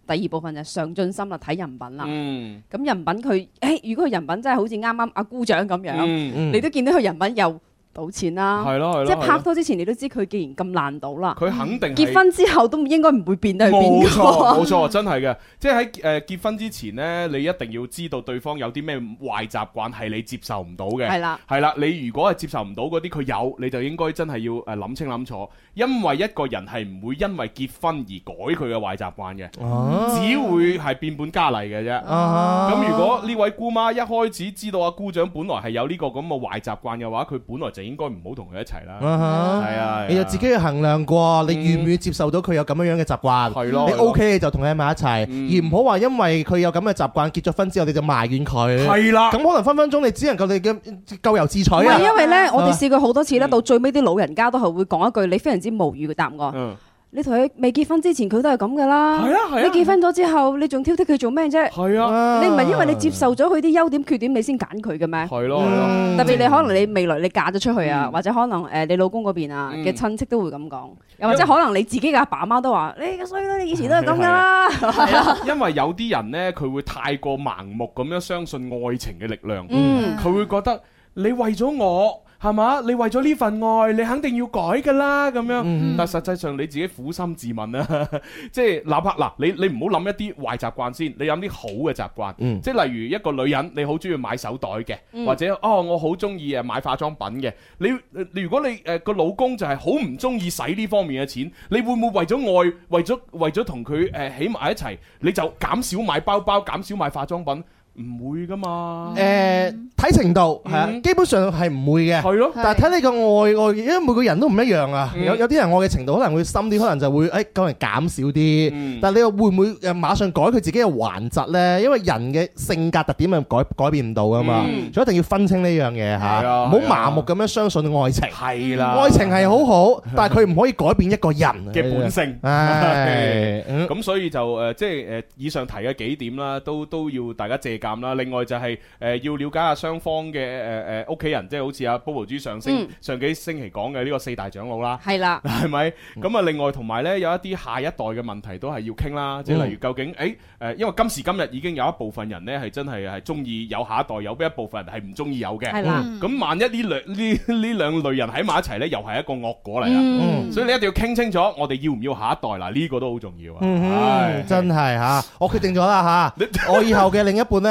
第二部分就上進心啦，睇人品啦。咁、嗯、人品佢，誒、欸，如果佢人品真係好似啱啱阿姑丈咁樣，嗯嗯、你都見到佢人品又。賭錢啦、啊，係咯係，咯，即係拍拖之前的你都知佢既然咁爛賭啦，佢肯定、嗯、結婚之後都應該唔會變得係邊個？冇錯，真係嘅，即係喺誒結婚之前呢，你一定要知道對方有啲咩壞習慣係你接受唔到嘅。係啦的，係啦，你如果係接受唔到嗰啲佢有，你就應該真係要誒諗清諗楚，因為一個人係唔會因為結婚而改佢嘅壞習慣嘅，啊、只會係變本加厲嘅啫。咁、啊啊、如果呢位姑媽一開始知道阿姑丈本來係有呢個咁嘅壞習慣嘅話，佢本來就是你應該唔好同佢一齊啦。係啊，你就自己去衡量過，你願唔願意接受到佢有咁樣樣嘅習慣？係咯、嗯，你 OK 你就同佢喺埋一齊，嗯、而唔好話因為佢有咁嘅習慣，結咗婚之後你就埋怨佢。係啦、啊，咁可能分分鐘你只能夠你嘅咎由自取啊。因為呢，吧我哋試過好多次咧，到最尾啲老人家都係會講一句你非常之無語嘅答案。嗯你同佢未結婚之前，佢都係咁噶啦。係啊係啊！啊你結婚咗之後，你仲挑剔佢做咩啫？係啊！你唔係因為你接受咗佢啲優點缺點，你先揀佢嘅咩？係咯、啊，啊嗯、特別你可能你未來你嫁咗出去啊，嗯、或者可能誒你老公嗰邊啊嘅親戚都會咁講，又或者可能你自己嘅阿爸媽都話：嗯、你衰啦，你以前都係咁啦。因為有啲人咧，佢會太過盲目咁樣相信愛情嘅力量，佢、嗯嗯、會覺得你為咗我。係嘛？你為咗呢份愛，你肯定要改㗎啦咁樣。嗯、但實際上你自己苦心自問啊，呵呵即係嗱，嗱，你你唔好諗一啲壞習慣先，你諗啲好嘅習慣。嗯、即係例如一個女人，你好中意買手袋嘅，或者哦，我好中意啊買化妝品嘅。你，你如果你誒個、呃、老公就係好唔中意使呢方面嘅錢，你會唔會為咗愛，為咗為咗同佢誒起埋一齊，你就減少買包包，減少買化妝品？唔會噶嘛？誒，睇程度係啊，基本上係唔會嘅。係咯。但係睇你個愛愛，因為每個人都唔一樣啊。有有啲人愛嘅程度可能會深啲，可能就會誒，可能減少啲。但係你話會唔會誒，馬上改佢自己嘅頑疾咧？因為人嘅性格特點係改改變唔到噶嘛，所以一定要分清呢樣嘢吓，唔好麻木咁樣相信愛情。係啦，愛情係好好，但係佢唔可以改變一個人嘅本性。唉，咁所以就誒，即係誒，以上提嘅幾點啦，都都要大家借。咁啦，另外就係誒要了解下雙方嘅誒誒屋企人，即係好似阿 Bobo 豬上星上幾星期講嘅呢個四大長老啦，係啦，係咪？咁啊，另外同埋咧有一啲下一代嘅問題都係要傾啦，即係例如究竟誒誒，因為今時今日已經有一部分人咧係真係係中意有下一代，有邊一部分人係唔中意有嘅，係啦。咁萬一呢兩呢呢兩類人喺埋一齊咧，又係一個惡果嚟啊！所以你一定要傾清楚，我哋要唔要下一代嗱？呢個都好重要啊！唉，真係嚇，我決定咗啦嚇，我以後嘅另一半咧。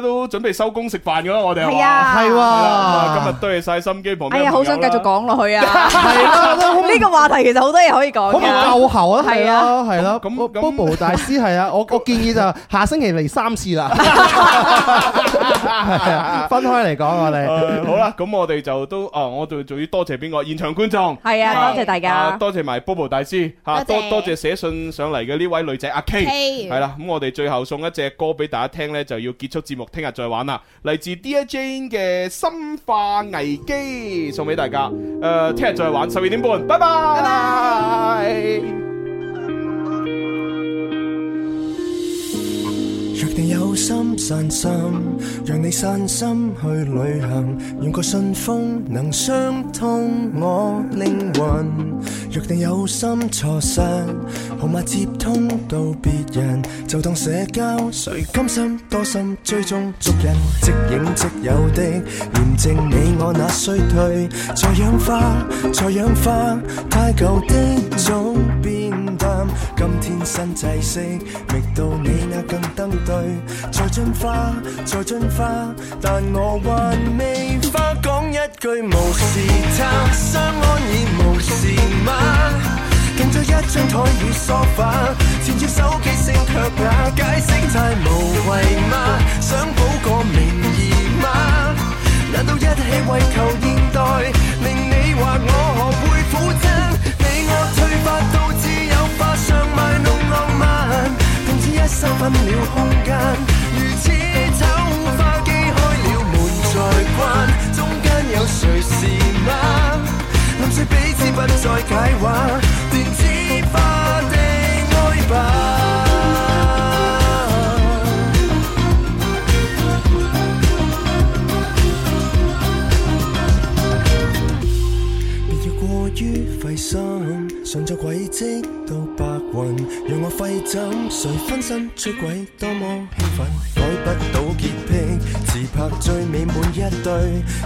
都準備收工食飯噶啦，我哋係啊，係喎，今日都係晒心機旁。哎呀，好想繼續講落去啊！呢個話題其實好多嘢可以講，好夠喉啊！係啊，係咯。咁 Bobo 大師係啊，我我建議就下星期嚟三次啦，分開嚟講我哋。好啦，咁我哋就都啊，我仲仲要多謝邊個現場觀眾，係啊，多謝大家，多謝埋 Bobo 大師吓，多多謝寫信上嚟嘅呢位女仔阿 K，係啦，咁我哋最後送一隻歌俾大家聽咧，就要結束節目。聽日再玩啦，嚟自 Dear Jane 嘅《生化危機》送俾大家。誒、呃，聽日再玩，十二點半，拜拜。若你有心散心，讓你散心去旅行，願個信封能相通我靈魂。若你有心錯失，號碼接通到別人，就當社交。誰甘心多心追蹤足印即影即有的驗證你我那衰退，在氧化，在氧化，太舊的早變。平今天新制式，覓到你那根燈對，再進化，再進化，但我還未花講一句無視他，相安已無事嗎？近在一張台與梳化，纏著手機聲卻也解釋太無謂嗎？想保個名義嗎？難道一起為求現代？分了空間，如此醜化，機開了門再關，中間有誰是嗎？臨睡彼此不再解畫，電子化的愛吧。於費心，順著軌跡到白雲，讓我費枕，誰分身出軌多麼興奮，改不到潔癖。自拍最美滿一對，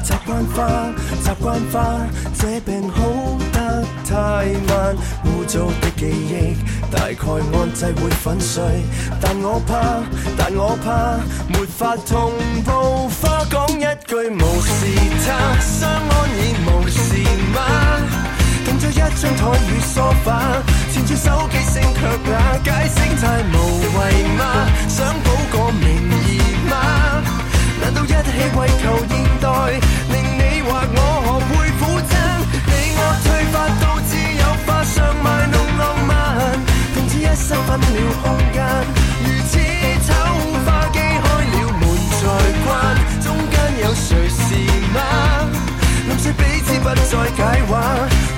習慣花，習慣花。這病好得太慢，污糟的記憶大概按掣會粉碎，但我怕，但我怕，沒法同報，花講一句無視他，相安以無事嗎？共著一張台與梳化纏住手機聲卻也解釋太無謂嗎？想補個名義嗎？難道一起為求現代，令你或我學會苦爭？你我退化到自有花上賣弄浪漫，共此一生分了空間，如此醜化，機開了門再關，中間有誰是嗎？臨睡彼此不再解話。